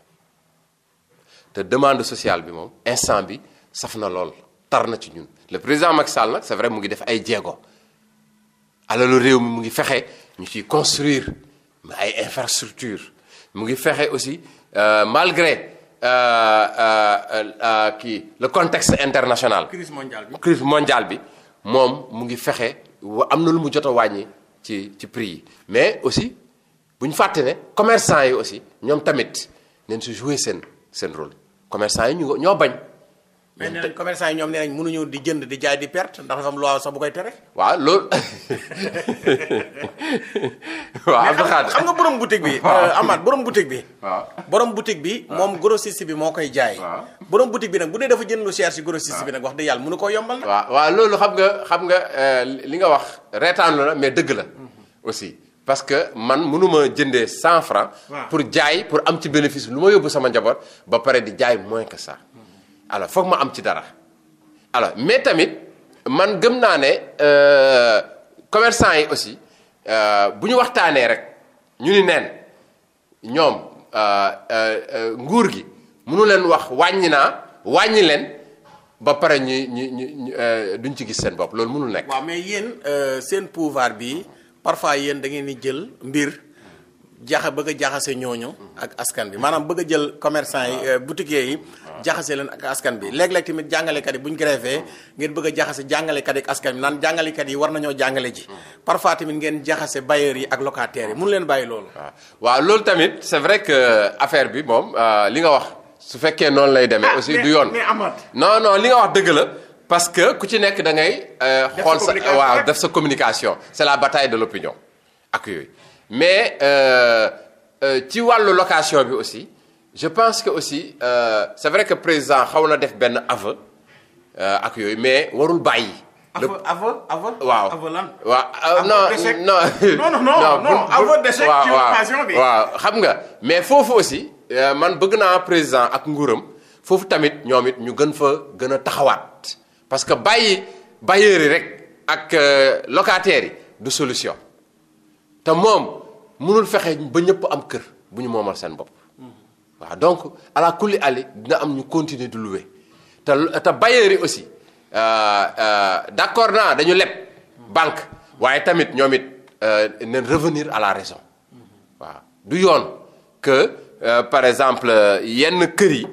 Speaker 2: te demande sociale bi moom instant bi. saf na lool tar na ci ñun le président Macky Sall nag c'est vrai mu ngi def ay jéego alalu réew mi mu ngi fexe ñu ciy construire ay infrastructure mu ngi fexe aussi euh, malgré euh, euh, euh, kii le contexte international. crise mondiale bi mondiale bi moom mu ngi fexe am na lu mu jot a wàññi ci ci prix yi mais aussi bu ñu fàtte ne commerçant yi aussi ñoom tamit
Speaker 1: nen si jouer seen seen rôle commerçant yi ñu ñoo bañ. mais nee nañ commerçant yi ñoom nee nañ mënuñu di jënd di jaay di perte ndax dafa am loi sax bu koy tere. waaw loolu. (laughs) xam am na xam nga borom boutique bi. Euh, amaat borom boutique bi. waaw borom boutique bi moom grossiste bi moo koy jaay. borom boutique bi nag bu dee dafa jënd lu cher si grossiste bi nag wax dëgg yàlla mënu koo yombal. waaw waaw loolu xam nga xam nga euh, li nga wax reetaan la mais dëgg la
Speaker 2: mm-hmm. aussi. parce que man mënuma jënde cent francs pour jaay pour am ci bénéfice lu ma yóbbu sama njaboot ba pare di jaay moins que alors foog ma am ci dara alors mais tamit man gëm naa ne euh, commerçant yi aussi euh, bu ñu waxtaanee rek ñu ni neen ñoom euh, nguur gi mënu leen wax wàññi naa wàññi leen ba pare ñu ñu ñu duñ ci gis seen bopp loolu munul
Speaker 1: nekk. waaw mais yéen seen pouvoir bi parfois yéen da ngeen di jël mbir. jaxa bëgg a jaxase ñooñu. ak askan bi maanaam bëgg jël commerçant yi boutiquiers yi. jaxase leen ak askan bi léeg-léeg tamit jàngalekat yi bu ñu grévé ngeen bëgg a jaxase jàngalekat yi ak askan bi naan jàngalekat yi war nañoo jàngale ji parfois tamit ngeen jaxase bailleurs yi ak locataires yi mun leen bàyyi loolu ah.
Speaker 2: waa loolu tamit c'est vrai que euh, affaire bi moom euh, li nga wax su fekkee noonu lay demee ah, aussi du yoon non non li nga wax dëgg la parce que ku ci nekk da ngay euh, xool sa waaw def sa communication c'est la bataille de l'opinion ak yooyu mais ci wàllu location bi aussi je pense que aussi euh, c'est vrai que président xaw na def benn aveu euh, ak yooyu mais warul bàyyi. aveu aveu aveu. waaw aveu lan. waaw euh, (laughs) non non non non d'échec ci occasion bi. waaw xam nga mais foofu aussi euh, man bëgg naa président ak nguuram foofu tamit ñoom it ñu gën fa gën a taxawaat parce que bàyyi bailleurs yi rek ak locataires yi du solution te moom mënul fexe ba ñëpp am kër bu ñu moomal seen bopp. waa donc ala kulli ali dina am ñu continuer du louer te te bailleurs yi aussi euh, euh, d'accord naa dañu leb banque waaye tamit ñoom it euh, nañ revenir à la raison waaw du yoon que par exemple yenn kër yi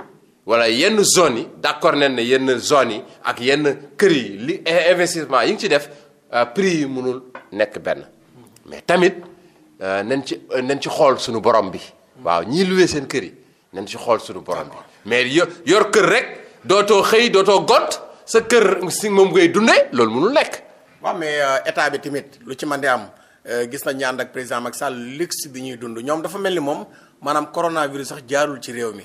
Speaker 2: wala yenn zones yi d'accord nañ ne yenn zones yi ak yenn kër yi li investissement yi ngi ci def prix yi mënul nekk benn mais tamit nañ ci nañ ci xool suñu borom bi waaw ñii louer seen kër yi nañ si xool suñu borom bi mais yor yor kër rek dootoo xëy dootoo gont sa kër si moom ngay dundee loolu
Speaker 1: mënul nekk. moo amee euh, état bi tamit lu ci mën di am euh, gis nañ ñaan ak président Macky Sall luxe bi ñuy dund ñoom dafa mel ni moom maanaam coronavirus sax jaarul ci réew mi.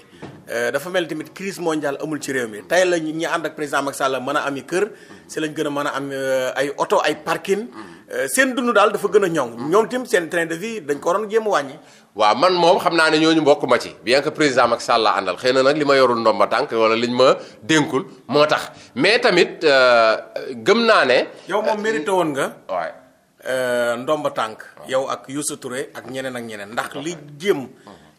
Speaker 1: Euh, dafa mel ni tamit crise mondiale amul ci réew mi tey la ñi ànd ak président Macky Sall mën a am kër si lañ gën a mën a am ay oto ay parking mm. seen dund daal dafa gën a ñoŋ. Mm. ñoom tim seen train de vie dañ ko waroon a wàññi. waaw man moom xam naa ne ñooñu mbokk ma ci bien
Speaker 2: que président Macky Sall laa àndal xëy na nag li ma yorul ndomba tànk wala liñ ma dénkul moo tax mais
Speaker 1: tamit euh, gëm naa ne. yow moom euh, mérité woon nga. waay euh, ndomba tànk. yow ak Youssou Touré ak ñeneen ak ñeneen ndax li jëm.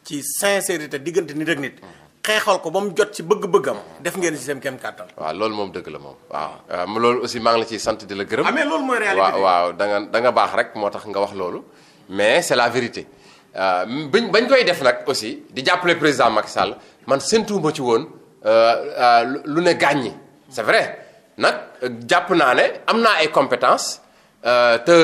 Speaker 1: ci sincérité diggante nit ak nit. Mm-hmm. xeexal ko ba mu jot ci bëgg-bëggam. Mm-hmm. def ngeen ci seen kem kàttan.
Speaker 2: waaw loolu moom dëgg la moom waaw loolu aussi maa ngi la ciy sant di la gërëm. amee ah, loolu mooy réalité waaw waaw da nga da baax rek moo tax nga wax loolu mais c'est la vérité. Euh, biñ bañ koy def nag aussi di jàppale président Macky Sall man séntuwuma ci woon euh, euh, lu ne gàññi c'est vrai nag jàpp naa ne am naa ay compétences te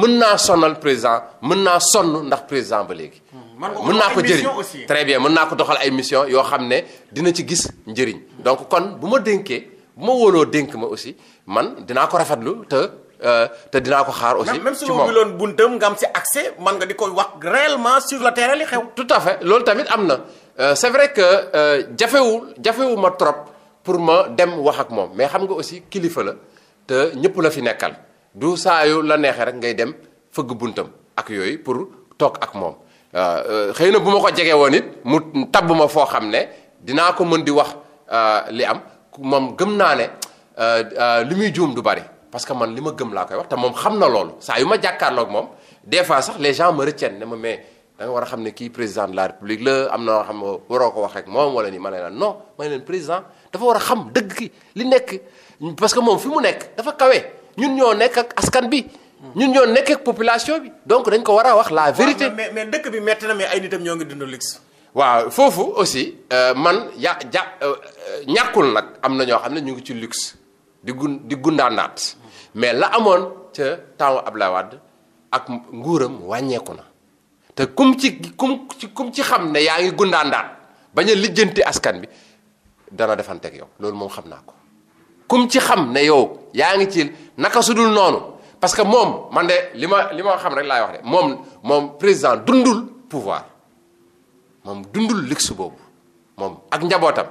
Speaker 2: mën naa sonal président mën naa sonn ndax président ba léegi.
Speaker 1: Hmm. mën naa ko jëriñ très
Speaker 2: bien mën naa ko doxal ay mission yoo xam ne dina ci gis njëriñ. donc kon bu ma dénkee bu ma wóoloo dénk ma aussi man dinaa ko rafetlu te. Euh, te dinaa ko xaar aussi. même moom ma ubbiloon buntam nga si accès mën nga di koy wax réellement sur le terrain li xew. tout à fait loolu tamit am na euh, c'est vrai que euh, jafewul jafewu jafewuma trop pour ma dem wax ak moom mais xam nga aussi kilifa la te ñëpp la fi nekkal du saa yu la neexee rek ngay dem fëgg buntam ak yooyu pour toog ak moom. xëy na bu ma ko jege woon it mu tabb ma foo xam ne dinaa ko mën di wax li am moom gëm naa ne li muy juum du bari parce que man li ma gëm laa koy wax te moom xam na loolu saa yu ma jàkkaarloog moom des fois sax les gens me ne ma mais da war a xam ne kii président de la république la am na loo xam ne waroo ko wax rek moom wala nii ma ne la non ma ne leen dafa war a xam dëgg ki li nekk parce que moom fi mu nekk dafa kawe ñun ñoo nekk ak askan bi. ñun ñoo nekk population bi. donc dañ ko war a wax la vérité. mais mais dëkk bi métti na mais ay nitam ñoo ngi dund luxe. waaw foofu aussi euh, man ya ja euh, euh, ñàkkul nag am na ñoo xam ne ñu ngi ci luxe di gun di naat mais la amoon ca temps Abdoulaye Wade ak nguuram wàññeeku na te kum ci kum ci kum ci xam ne yaa ngi gundaandaan bañ a lijjanti askan bi dana defanteeg yow loolu moom xam naa ko kum ci xam ne yow yaa ngi ci naka sudul noonu parce que moom man de li ma li ma xam rek laay wax de moom moom président dundul pouvoir moom dundul luxe boobu moom ak njabootam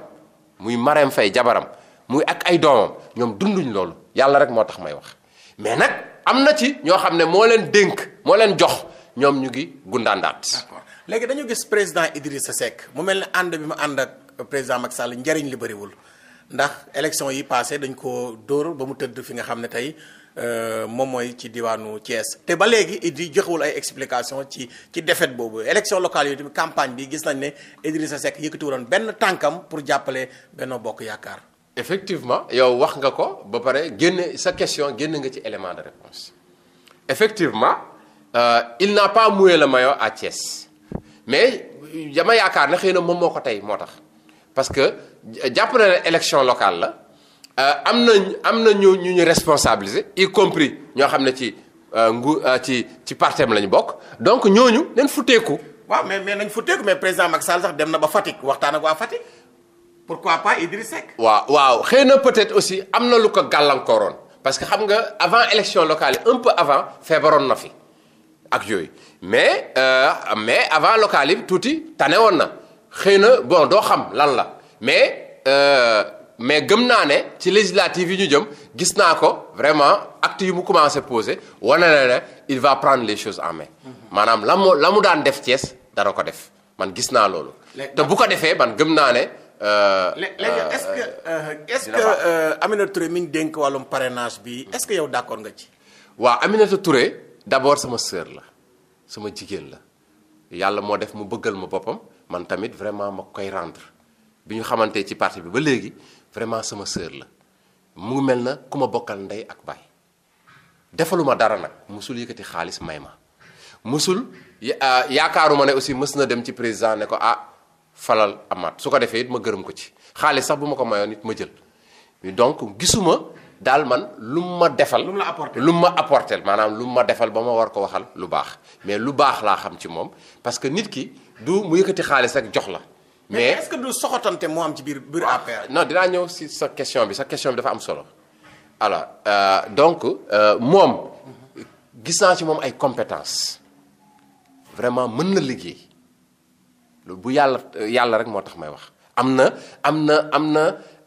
Speaker 2: muy Marème fay jabaram muy ak ay doomam ñoom dunduñ loolu yàlla rek moo tax may wax mais nag am na ci ñoo xam ne moo leen dénk moo leen jox ñoom ñu ngi gundaandaat. d'accord
Speaker 1: léegi dañu gis président sa Seck mu mel ne ànd bi mu ànd ak président Macky njariñ li bëriwul ndax élection yi passé dañ ko dóor ba mu tëdd fi nga xam ne tey euh, moom mooy ci diwaanu cees te ba léegi Idi joxewul ay explication ci ci défaite boobu élection locale yi tamit campagne bi gis nañ ne Idrissa Seck yëkkatiwuloon benn tànkam pour jàppale Benno Bokk Yaakaar.
Speaker 2: effectivement yow wax nga ko ba pare génne sa question génn nga ci élément de réponse effectivement euh, il n'a pas mouillé le maillot à Thiès mais dama yaakaar ne xëy na moom moo ko tey moo tax parce que jàpp na ne élection locale la euh, am na am na ñu ñu ñu responsabiliser y compris ñoo xam ne ci euh, ngu euh, ci ci partem la ñu bokk donc
Speaker 1: ñooñu nen futteeku waaw mais mais nañ futteeku mais président Macky Sall sax dem na ba Fatick waxtaan ak waa Fatick pourquoi pas Idriss Seck.
Speaker 2: waaw waaw xëy
Speaker 1: na peut-être aussi am na
Speaker 2: lu ko gàllankooroon parce que xam nga avant élection locale yi un peu avant feebaroon na fi ak yooyu mais euh, mais avant locale yi tuuti tane woon na xëy na bon doo xam lan la mais euh, mais gëm naa ne ci législative yi ñu jëm gis naa ko vraiment active yu mu commencé poser wane na ne il va prendre les choses en main. Mm-hmm. maanaam la mu daan def cees dana ko def man gis naa loolu. te bu ko defee man gëm naa ne. Euh, léegi euh, est-ce que
Speaker 1: euh, est-ce que Aminata Touré mi ñu dénk wàllum parrainage bi est-ce que yow d'accord nga ci.
Speaker 2: waaw Aminata Touré d'abord sama sœur la sama jigéen la yàlla moo def mu bëggal ma boppam man tamit vraiment ma koy rentre bi ñu xamante ci parti bi ba léegi vraiment sama sœur la mu mel na ku ma bokkal ndey ak baay defaluma dara nag musul yëkkati xaalis may ma musul yaakaaruma ne aussi mës na dem ci président ne ko ah. falal amaat su ko defee it ma gërëm ko ci xaalis sax bu ma ko mayoon it ma jël donc gisuma daal man lu ma defal. lu ma apporté lu ma apporté maanaam lu ma defal ba ma war ko waxal lu baax mais lu baax laa xam ci moom parce que nit ki du mu yëkkati xaalis rek jox la. mais est-ce soxotante moo am ci biir biir APR. Ah, non dinaa ñëw si sa question bi sa question bi dafa am solo alors euh, donc euh, moom gis naa ci moom ay compétences vraiment mën na liggéey. bu yàlla yàlla rek moo tax may wax am na am na am na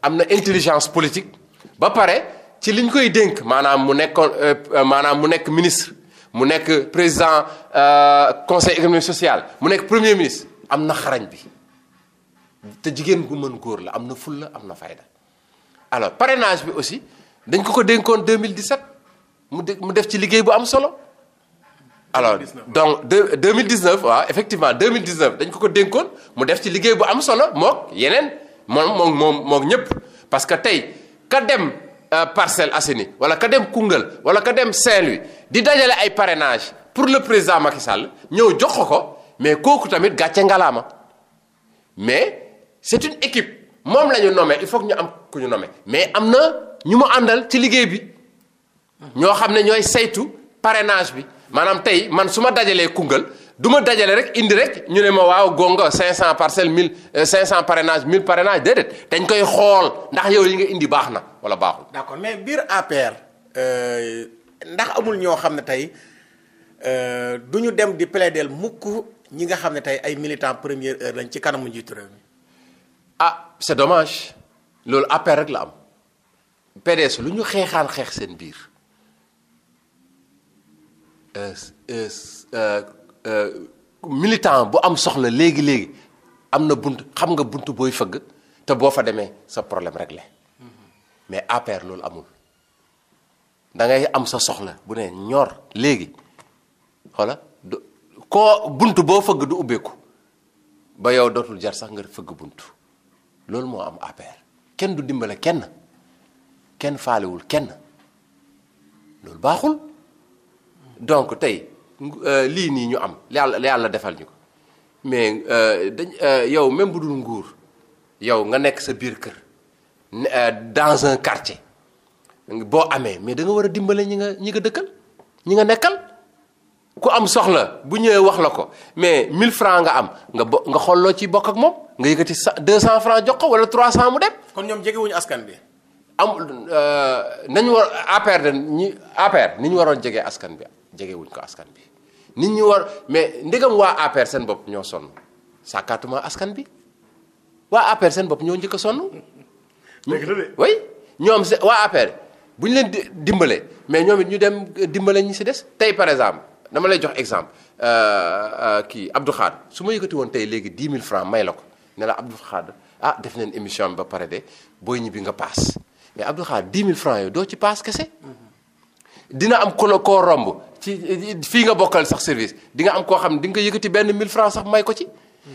Speaker 2: am na intelligence politique ba pare ci liñ koy dénk maanaam mu nekkoon euh, euh, maanaam mu nekk ministre mu nekk président euh, conseil économique social mu nekk premier ministre am na xarañ bi te jigéen bu mën góor la am na ful la am na fayda alors parrainage bi aussi dañ ko ko dénkoon 2017 mu def mu def ci liggéey bu am solo alors donc deux 2019 waaw effectivement 2019 dañ ko ko dénkoon mu def ci liggéey bu am solo mook yeneen moom moom moom mook ñëpp parce que tey ka dem euh, parcelle Assainies wala ka dem Koungheul wala ka dem Saint-Louis di dajale ay parrainage pour le président Macky Sall ñëw jox ko ko mais kooku tamit gàcce ngalaama mais c'est une équipe moom la ñu nommé il faut ñu am kuñu nome mais am na ñu mu àndal ci liggéey bi ñoo xam ne ñooy saytu parrainage bi. maanaam tey man su ma dajalee Koungheul du ma dajale rek indi rek ñu ne ma waaw gonga parcelle mille euh, cinq 500 parrainage 1000 parrainage déedéet dañ koy xool ndax yow li nga indi baax na wala baaxul.
Speaker 1: d'accord mais biir APR euh, ndax amul ñoo xam ne tey euh, du ñu dem di del mukk ñi nga xam ne tey ay militants première heure lañ ci kanamu njiitu réew mi. ah c'est dommage loolu APR rek la am PDS
Speaker 2: lu ñu xeexaan xeex seen biir. Euh, euh, euh, militant bu am soxla léegi léegi am na bunt xam nga bunt booy fëgg te boo fa demee sa problème réglé mm-hmm. mais APR loolu amul da ngay am sa soxla bu ne ñor léegi xoola du koo bunt boo fëgg du ubbeeku ba yow dootul jar sax nga fëgg bunt loolu moo am APR kenn du dimbale kenn kenn faalewul kenn loolu baaxul. donc tey euh, lii nii ñu am yàlla yàlla defal ñu ko mais euh, dañ euh, yow même bu dul nguur yow nga nekk sa biir kër dans un quartier boo amee mais danga war a dimbale ñi nga ñi nga dëkkal ñi nga nekkal ku am soxla bu ñëwee wax la ko mais mille francs nga am nga bo nga xolloo ci bokk ak moom nga yëkkati sa 200 francs jox ko wala 300 mu dem. kon ñoom jegewuñu askan bi. am nañu war APR de ñi APR ni ñu waroon jegee askan bi jegewuñ ko askan bi nit ñi war mais ndegam waa APR seen bopp ñoo sonn sàkkaatuma askan bi waa APR seen bopp ñoo njëkk a sonn. léegi de ñoom se waa APR bu ñu leen di dimbale mais ñoom it ñu dem dimbale ñi si des tey par exemple dama lay jox exemple euh, euh, kii Abdou su ma yëkkati woon tey léegi 10 000 francs may la ko ne la Abdou Khad ah def neen émission bi ba pare de booy ñibbi nga paas mais Abdou Khad 10 francs yooyu doo ci paas kese. dina am ku la koo romb ci fii nga bokkal sax service di nga am koo xam di nga yëkkati benn 1000 francs sax may ko ci.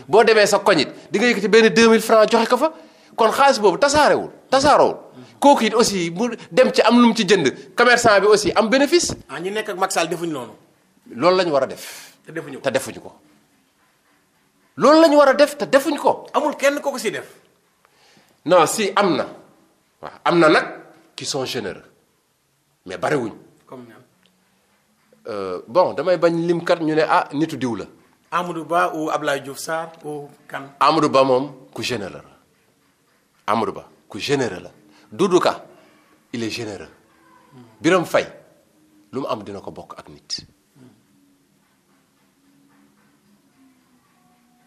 Speaker 2: boo demee sa koñit di nga yëkkati benn 2000 francs joxe ko fa kon xaalis boobu tasaarewul tasaarowul. kooku it aussi mu dem ci am lu mu ci jënd commerçant bi aussi am bénéfice. ah nekk ak Macky Sall defuñu loolu la war a def. te defuñu defuñu ko. loolu la war a def te defuñu ko. amul kenn kooku si def. non si am na waa am na nag qui sont généreux mais bariwuñ. Euh, bon damay bañ lim limkat ñu ne ah nitu diw la.
Speaker 1: Amadou Ba ou Ablaye Diouf Sarr ou kan.
Speaker 2: Amadou Ba moom ku généreux la Amadou Ba ku généreux la Doudou Ka il est généreux Birame Faye lu mu am dina ko bokk ak nit.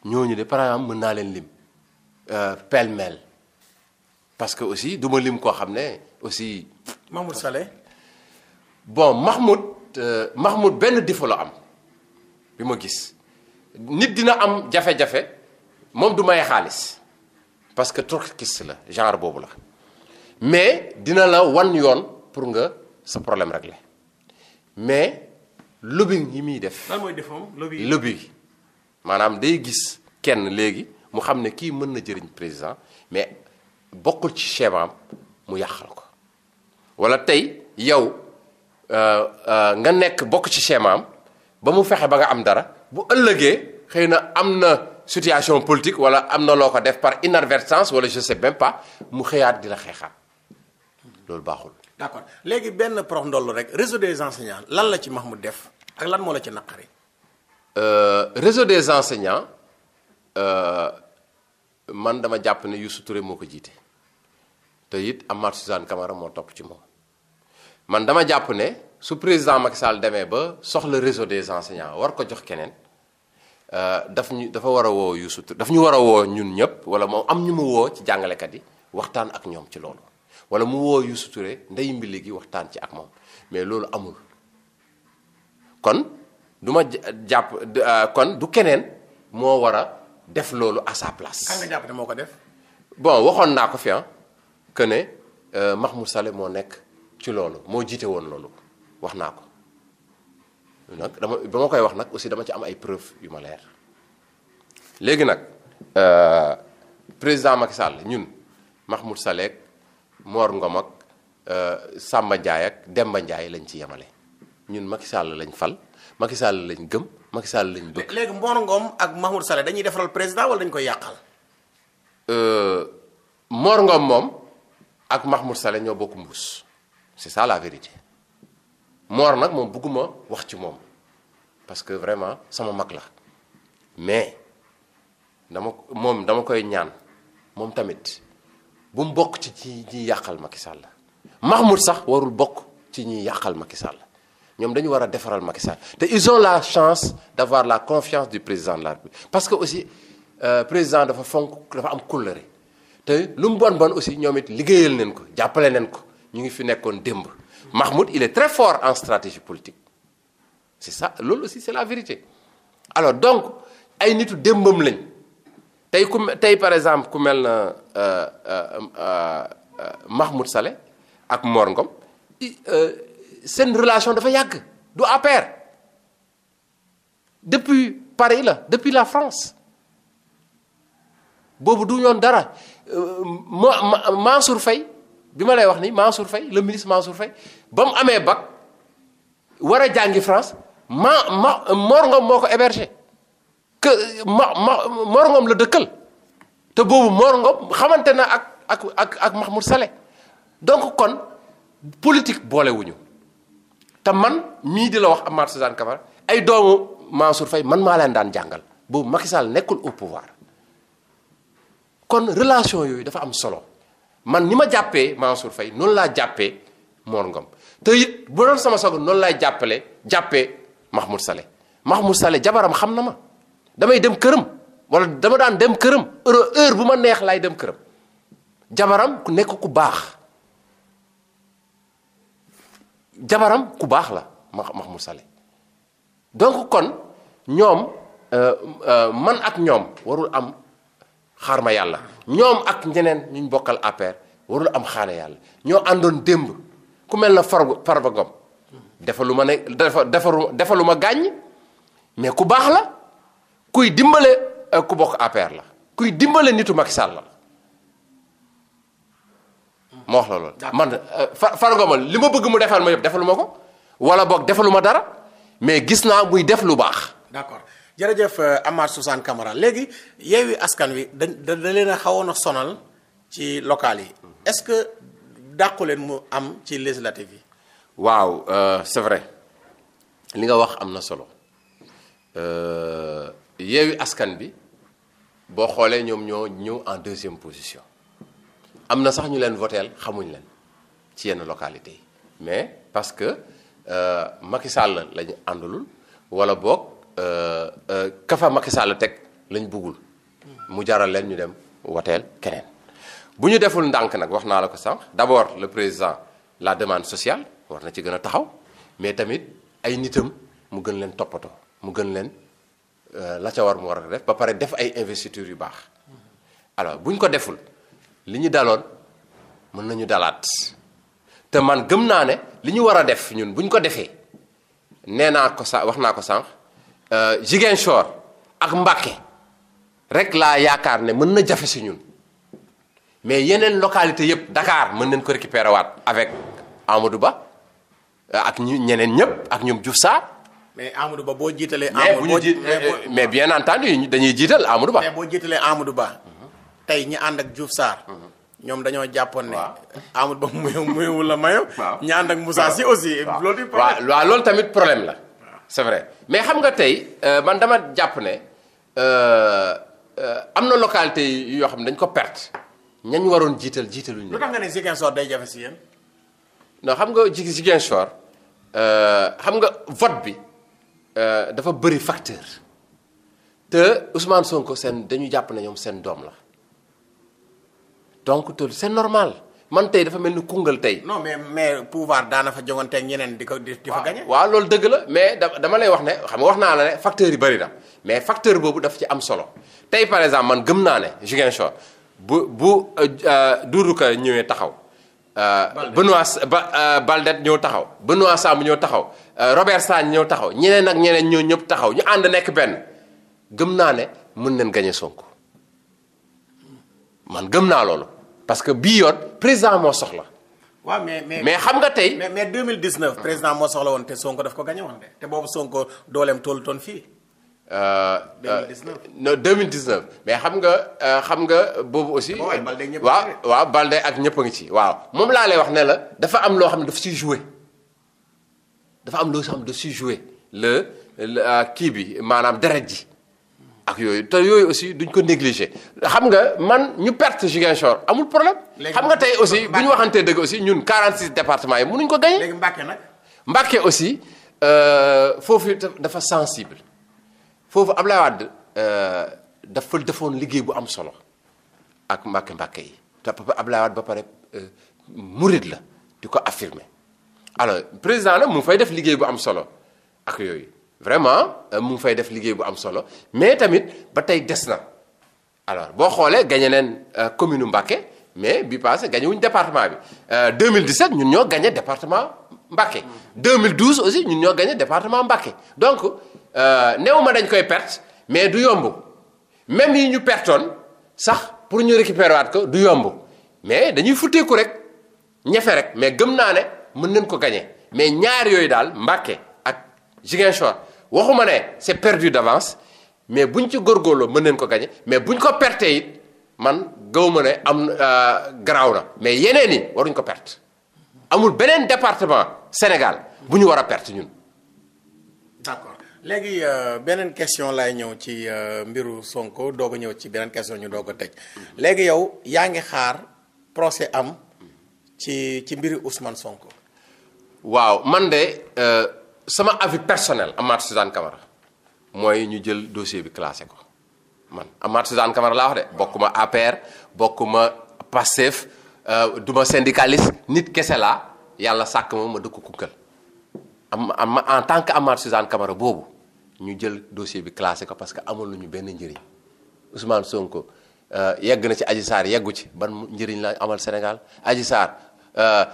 Speaker 2: ñooñu de par exemple mën naa leen lim euh, pêle-mêle parce que aussi du lim koo xam ne aussi. Mahmoud Saleh. bon Mahmoud. Euh, Mahmoud benn défaut la am bi ma gis nit dina am jafe-jafe moom du may xaalis parce que trotskiste la genre boobu la mais dina la wan yoon pour nga sa problème la mais lobbying yi muy def. lan
Speaker 1: mooy defam lobby lobby
Speaker 2: maanaam day gis kenn léegi mu xam ne kii mën na jëriñ président mais bokkul ci schéma am mu yàqal ko wala tey yow. Euh, euh, nga nekk bokk ci schémaam ba mu fexe ba nga am dara bu ëllëgee xëy na am na situation politique wala am na loo ko def par inadvertance wala je sais même pas mu xëyaat di la xeexaat
Speaker 1: loolu baaxul. d'accord léegi benn prof ndollu rek réseau des enseignants lan la ci mu def ak lan moo la ci naqari.
Speaker 2: Euh, réseau des enseignants man dama jàpp ne Youssou Touré moo ko jiite te it Amath Suzanne Camara moo topp ci moom. man dama jàpp ne su président Macky Sall demee ba soxla réseau des enseignants war ko jox keneen euh, daf ñu dafa war a woo Youssou Touré daf ñu war a woo ñun ñëpp wala moo am ñu mu woo ci jàngalekat yi waxtaan ak ñoom ci loolu wala mu woo Youssou Touré ndey mbili gi waxtaan ci ak moom mais loolu amul kon duma ma jàpp euh, kon du keneen moo war a def loolu à sa place. kan nga jàpp ne moo ko def. bon waxoon naa ko fi ah que ne euh, Mahmoud Saleh moo nekk. ci loolu moo jiite woon loolu wax naa ko nag dama ba ma koy wax nag aussi dama ci am ay preuve yu ma leer léegi nag euh, président Macky Sall ñun Mahmoud Saleh Mor Ngom ak euh, Samba Ndiaye ak Demba Ndiaye lañ ci yemale ñun Macky Sall lañ fal Macky Sall lañ gëm Macky Sall lañ
Speaker 1: bëgg. léegi Mor ngoom ak Mahmoud Saleh dañuy defaral président wala dañ koy yàqal.
Speaker 2: Euh, Mor ngoom moom ak Mahmoud Saleh ñoo bokk mbuus. c'est ça la vérité Mor nag moom bëgguma wax ci moom parce que vraiment sama mag la mais dama moom dama koy ñaan moom tamit bu mu bokk ci ci ñiy yàqal Macky Sall Mahmoud sax warul bokk ci ñuy yàqal Macky Sall ñoom dañu war a defaral Macky te ils ont la chance d'avoir la confiance du président de la République parce que aussi euh, président dafa fonk dafa am kóllëre te lu mu bon bon aussi ñoom it liggéeyal nañ ko jàppale nañ ko ñu ngi fi nekkoon démb Mahmoud il est très fort en stratégie politique c'est ça loolu aussi c'est la vérité alors donc ay nitu démbam lañ tey ku tey par exemple ku mel na euh, euh, euh, Mahmoud Saleh ak Mor Ngom seen relation dafa yàgg du APR depuis Paris la depuis la France boobu du ñoon dara ma Mansour Faye bi ma lay wax ni Mansour fay le ministre Mansour Faye ba mu amee bac war a jàngi France ma ma Mor Ngom moo ko hébergé que ma la dëkkal te boobu Mor Ngom xamante na ak ak ak ak Mahmoud Saleh donc kon politique boolewuñu te man mii di la wax Amath Suzanne Camara ay doomu Mansour Faye man maa leen daan jàngal boobu Macky nekkul au pouvoir kon relation yooyu dafa am solo. man ni ma jàppee Mansour fay noonu laa jàppee Mor Ngom te it bu doon sama sago noonu laay jàppale jàppee Mahmoud Saleh Mahmoud sale jabaram xam na ma damay dem këram walla dama daan dem këram heure heure bu ma neex laay dem këram jabaram ku nekk ku baax jabaram ku baax la Mahmoud sale donc kon ñoom euh, euh, man ak ñoom warul am xaar ma yàlla ñoom ak ñeneen ñu bokkal APR warul am xaar yàlla ñoo àndoon démb ku mel na far Farba Ngom defalu ma ne defaru defalu ma gàññ mais ku baax la kuy dimbale euh, ku bokk APR la kuy dimbale nitu Macky Sall la ma wax la loolu man euh, Farba Ngom li ma bëgg mu defal ma yëpp defalu ma ko wala boog defalu ma dara mais gis naa muy def lu baax
Speaker 1: d'accord jërëjëf euh, Amath Suzanne Camara léegi Yewwi Askan Wi da da leen a xawoon a sonal ci local yi est-ce que dàqu leen mu am ci législative yi.
Speaker 2: waaw euh, c'est vrai li nga wax am na solo euh, Yewwi Askan bi boo xoolee ñoom ñoo ñëw en deuxième position am na sax ñu leen votel xamuñ leen ci yenn localité yi mais parce que Macky Sall lañu àndalul wala boog. Euh, euh, kafa Macky Sall teg lañ buggul mu jaral leen ñu dem woteel keneen bu ñu deful ndànk nag wax naa la ko sànq d'abord le président la demande sociale war na ci gën a taxaw mais tamit ay nitam mu gën leen toppatoo mu gën leen euh, la ca war mu war a def ba pare def ay investitures yu baax alors bu ñu ko deful li ñu daloon mën nañu dalaat te man gëm naa ne li ñu war a def ñun bu ñu ko defee nee naa ko sa wax naa ko sànq. Euh, Ziguinchor ak Mbacké rek laa yaakaar ne mën na jafe si ñun mais yeneen localité yëpp dakaar mën nañ ko récupérer waat avec Amadou Ba euh, ak ñu ñeneen ñëpp ak ñoom Diouf Sarr.
Speaker 1: mais Amadou Ba boo jiitalee. Amadou mais
Speaker 2: bu mais bien entendu dañuy jiital Amadou Ba.
Speaker 1: boo jiitalee Amadou Ba. tey ñi ànd ak Diouf Sarr. ñoom dañoo jàppoon ne. Amadou Ba mu (laughs) mu la mayo. waaw ñi ànd ak Moussa Sy aussi. loolu tamit problème la. c'est vrai mais xam nga
Speaker 2: tey euh, man dama jàpp ne euh, euh, am na localité yoo xam ne dañ ko perte ñañ waroon jiital jiitaluñu. lu tax nga ne Ziguinchor day jafe si yéen. non xam nga Ziguinchor xam nga vote bi dafa bëri facteur te Ousmane ko seen dañu jàpp ne ñoom seen doom la donc te c'est normal. man tey dafa mel ni Koungheul tey.
Speaker 1: non mais mais pouvoir daana fa ñeneen di ko di fa gagné. waaw loolu dëgg la mais dama lay wax ne xam nga wax naa la ne
Speaker 2: facteurs yi bëri na mais facteur boobu daf ci am solo tey par exemple man gëm naa ne Ziguinchor bu bu euh, euh, Doudou Ka ñëwee taxaw. Euh, Benoît ba Baldet ñëw taxaw Benoît Samb ñëw taxaw Robert Sagna ñëw taxaw ñeneen ak ñeneen ñoo ñëpp taxaw ñu ànd nekk benn gëm naa ne mën nañ gagné Sonko man gëm naa loolu. parce que bii yoon président moo soxla.
Speaker 1: waaw mais mais xam nga tey. mais mais 2019 président moo soxla woon te Sonko daf ko gagné woon de te boobu Sonko dooleem toolu toon fii. 2019 euh, euh, non 2019 mais xam nga euh, xam nga
Speaker 2: boobu aussi. Oh, waaw waaw Balde ak ñëpp a ngi ci waaw moom laa lay wax ne la dafa am loo xam ne dafa siy joué dafa am loo xam ne daf siy la le kii bi maanaam deret ji. ak yooyu te yooyu aussi duñ ko négliger xam nga man ñu perte Ziguinchor amul problème. xam nga tey aussi bu waxantee dëgg aussi ñun 46 départements yi mënuñ
Speaker 1: ko gagné. léegi Mbacké nag.
Speaker 2: Mbacké aussi euh, foofu dafa sensible foofu Abdoulaye Wade euh, dafa defoon liggéey bu am solo ak Mbacké Mbacké yi te Abdoulaye Wade ba pare euh, murid la di ko affirmer alors président nag mu fay def liggéey bu am solo ak yooyu. vraiment euh, mu ngi fay def liggéey bu am solo mais tamit ba tey des na alors boo xoolee gagné neen euh, commune Mbacké mais bi passé gagné wuñ département bi euh, 2017 ñun ñoo gagné département Mbacké 2012 aussi ñun ñoo gagné département Mbacké donc euh, néew ma dañ koy perte mais du yomb même yi ñu pertoon sax pour ñu récupérer waat ko du yomb mais dañuy futteeku rek ñefe rek mais gëm naa ne mën nañ ko gagné mais ñaar yooyu daal Mbacké Ziguinchor waxuma ne c'est perdu d'avance mais buñ ci góorgóorloo mën nañ ko gagner mais buñ ko perte it man gaw ma ne am euh, garaaw na mais yeneen yi waruñ ko perte amul beneen département Sénégal bu ñu war a perte ñun.
Speaker 1: d'accord léegi euh, beneen question lay ñëw ci euh, mbiru Sonko doo a ñëw ci beneen question ñu doog a tëj léegi yow yaa ngi xaar procès am ci ci mbiru Ousmane Sonko.
Speaker 2: waaw man de. sama avis personnel Amath Suzanne Camara mooy ñu jël dossier bi classé ko man Amath Suzanne Camara laa wax de bokkuma APR bokkuma Pastef euh, duma syndicaliste nit kese laa yàlla sàkk ma ma dëkk Koungheul am am en tant que Amath Suzanne Camara boobu ñu jël dossier bi classé ko parce que amul nu ñu benn njëriñ Ousmane Sonko euh, yegg na ci Adji Sarr yeggu ci ban njëriñ la amal Sénégal Adji Sarr euh,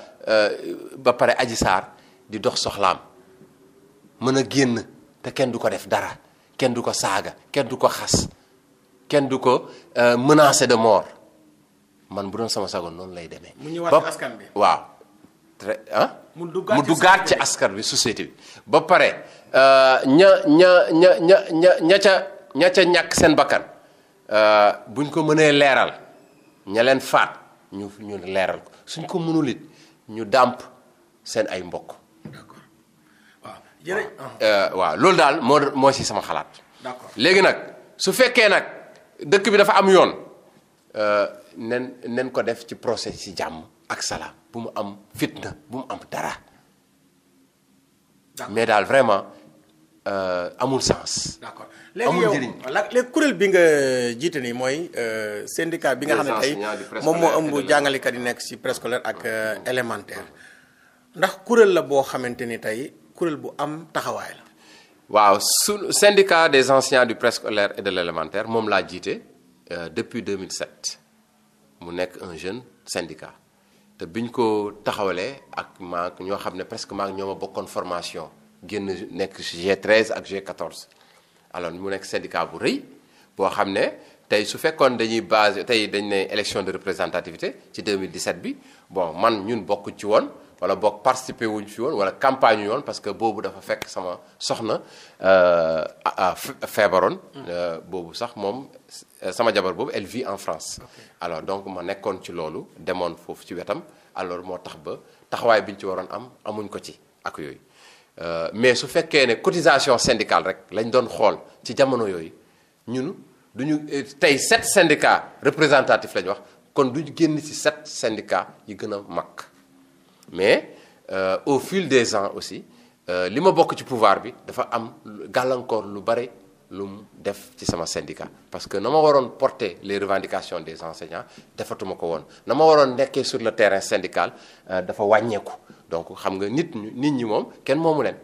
Speaker 2: ba pare Adji Sarr di dox soxlaam. mën a génn te kenn du ko def dara kenn du ko saaga kenn du ko xas kenn du ko euh, menacer de mort man bu doon sama sagoon noonu lay demee. mu ñëwaat ci askan bi waaw. très ah.
Speaker 1: mu duggaat
Speaker 2: ci askan bi société ba pare euh, ña ña ña ña ña ña ca ña ca ñàkk seen bakkan euh, buñ ko mënee leeral ña leen faat ñu ñu leeral ko suñ ko mënul it ñu dàmp seen ay mbokk.
Speaker 1: Euh,
Speaker 2: waaw loolu daal moo moo si sama xalaat. d'accord léegi nag su fekkee nag dëkk bi dafa am yoon euh, nen nen ko def ci procès si jàmm ak salaam bu mu am fitna bu mu am dara.
Speaker 1: mais daal vraiment euh, amul sens. d'accord amul njëriñ léegi yow kuréel bi nga jiite nii mooy syndicat bi nga xam ne tey moom moo ëmb jàngalekat yi nekk si préscolaire ak élémentaire ndax kuréel la boo xamante ni tey. kuréel bu am taxawaay la.
Speaker 2: waaw su syndicat des enseignants du préscolaire et de l'élémentaire moom laa jiite euh, depuis 2007 mu nekk un jeune syndicat te biñ ko taxawalee ak maa ñoo xam ne presque maak ñoo bokkoon formation génn nekk G13 ak G14 alors mu nekk syndicat bu rëy boo xam ne tey su fekkoon dañuy base tey dañ ne élection de représentativité ci 2017 bi bon man ñun bokk ci woon. wala boog participer wuñ fi woon wala campagne yoon parce que boobu dafa fekk sama soxna euh, feebaroon. Mm. Euh, boobu sax moom euh, sama jabar boobu elle en France. alors donc ma nekkoon ci loolu demoon foofu ci wetam alors moo tax ba taxawaay bi ñu ci waroon am amuñ ko ci ak yooyu. mais su fekkee ne cotisation syndicale rek lañ doon xool ci jamono yooyu ñun duñu tey sept syndicats représentatifs lañ wax kon du ñu génn ci set syndicats yi gën a mag. mais euh, au fil des ans aussi euh, li ma bokk ci pouvoir bi dafa am gàllankoor lu bare lu mu def ci sama syndicat parce que na ma waroon porter les revendications des enseignants defatuma ko woon na ma waroon nekkee sur le terrain syndical euh, dafa wàññeeku donc xam nga nit nit ñi moom kenn moomu leen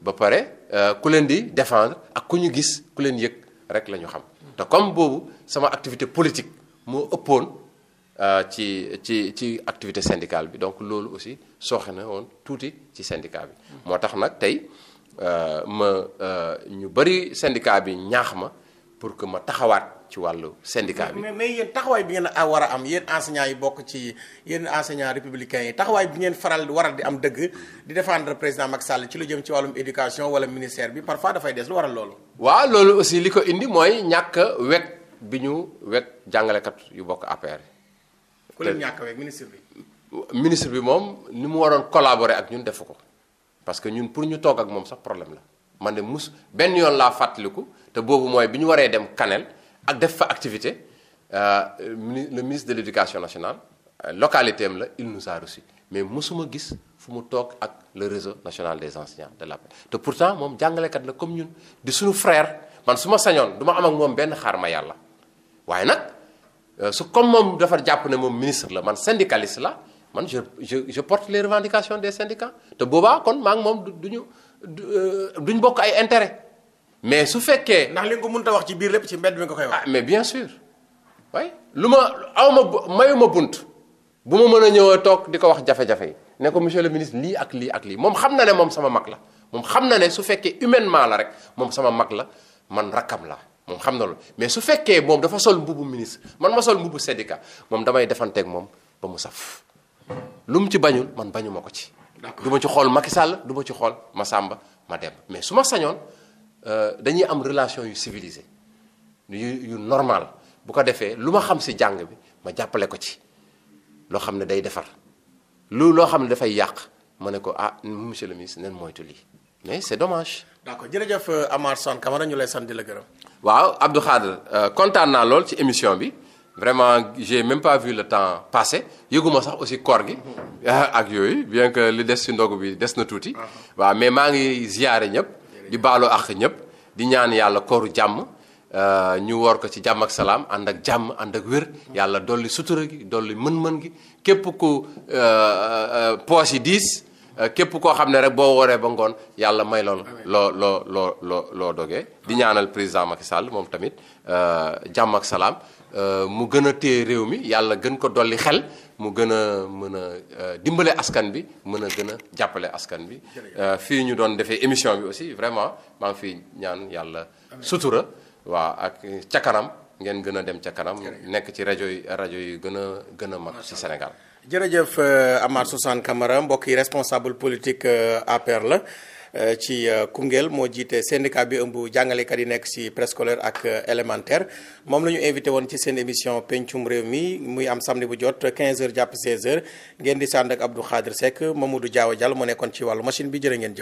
Speaker 2: ba pare euh, ku leen di défendre ak ku ñu gis ku leen yëg rek la ñu xam te comme boobu sama activité politique moo ëppoon Euh, ci ci ci activité syndicale bi donc loolu aussi sooxe na woon tuuti ci syndicat bi. moo tax nag tey euh, ma euh, ñu bëri syndicat bi ñaax ma pour que ma taxawaat. ci wàllu syndicat bi
Speaker 1: mais mais yéen taxawaay bi ngeen a war a am yéen enseignants yi bokk ci yéen enseignants républicains yi taxawaay bi ngeen faral war a di am dëgg di défendre président ma Sall ci la jëm ci wàllum éducation wala ministère bi parfois dafay des lu waral loolu.
Speaker 2: waa loolu aussi li ko indi mooy ñàkk wekk bi ñu wekk jàngalekat yu bokk APR
Speaker 1: ku leen ñàkk ministre bi.
Speaker 2: ministre bi moom ni mu waroon collaborer ak ñun defu ko parce que ñun pour ñu toog ak moom sax problème la man de mus benn yoon laa fàttaliku te boobu mooy bi ñu waree dem Kanel ak def fa activité euh, le ministre de l'éducation nationale euh, localité am la il nous a reçu mais musuma gis fu mu toog ak le réseau national des enseignants de la paix te pourtant moom jàngalekat la comme ñun di suñu frère man su ma sañoon du ma am ak moom benn xaar ma yàlla waaye Euh, su comme moom dafa jàpp ne moom ministre la man syndicaliste la man je je porte les revendications des syndicats te boobaa kon maa moom du ñu duñ euh, bokk ay intérêt mais su fekkee. ndax li nga ko mënut a wax ci biir lépp ci mbedd mi nga koy wax. ah mais bien sûr oui lu ma awma mayuma bunt bu ma mën a ñëw toog di ko wax jafe-jafe yi ne ko monsieur le ministre lii ak lii ak lii moom xam na ne moom sama mag la moom xam na ne su fekkee humainement la rek moom sama mag la man rakkam la moom xam na loolu mais su fekkee moom dafa sol mbubu ministre man ma sol mbubu syndicat moom damay defanteeg moom ba mu saf lu mu ci bañul man bañuma ko ci. du ma ci xool Macky Sall du ma ci xool ma sàmba ma dem mais su ma sañoon euh, dañuy am relation yu civilisée yu yu normal bu ko defee lu ma xam si jàng bi ma jàppale ko ci loo xam ne day defar lu loo xam ne dafay yàq ma ne ko ah monsieur le ministre nen moytu lii. mais c'est dommage.
Speaker 1: d'accord jërëjëf euh, Amar Sane Camara ñu lay sant di gërëm.
Speaker 2: waaw Abdou Khadre euh, kontaan naa lool ci émission bi vraiment j'ai même pas vu le temps passer yëguma sax aussi koor gi. (laughs) ak yooyu bien que li des ci ndogu bi des na tuuti. Uh-huh. waa mais maa ngi ziyaare ñëpp. di baalo àq ñëpp di ñaan yàlla kooru jàmm. Euh, ñu wor ko ci jàmm ak salaam ànd ak jàmm ànd ak wér yàlla dolli sutura gi dolli mën-mën gi képp ku poos yi diis. Euh, képp koo xam ne rek boo woree ba ngoon yàlla may loolu loo loo loo loo loo dogee di ñaanal président Macky Sall moom tamit euh, jàmm ak salaam euh, mu gën a téye réew mi yàlla gën ko dolli xel mu gën a mën a dimbale askan bi mën a gën a jàppale askan bi fii ñu doon defee émission bi aussi vraiment maa ngi fi ñaan yàlla sutura waaw ak ca kanam ngeen gën a dem ca kanam nekk ci rajo yi rajo yi gën a gën a mag ci Sénégal
Speaker 1: jërëjëf euh, Amath Suzanne Camara mbokk yi responsable politique euh, APR la euh, ci Koungheul moo jiite syndicat bi ëmb jàngalekat yi nekk ci préscolaire ak élémentaire moom la ñu invité woon ci seen émission pencum réew mi muy am samedi bu jot 15h jàpp 16h ngeen di sànd ak Abdou Khadre Seck Mamadou Diaw Diallo moo nekkoon ci wàllu machine bi jërë ngeen jëf.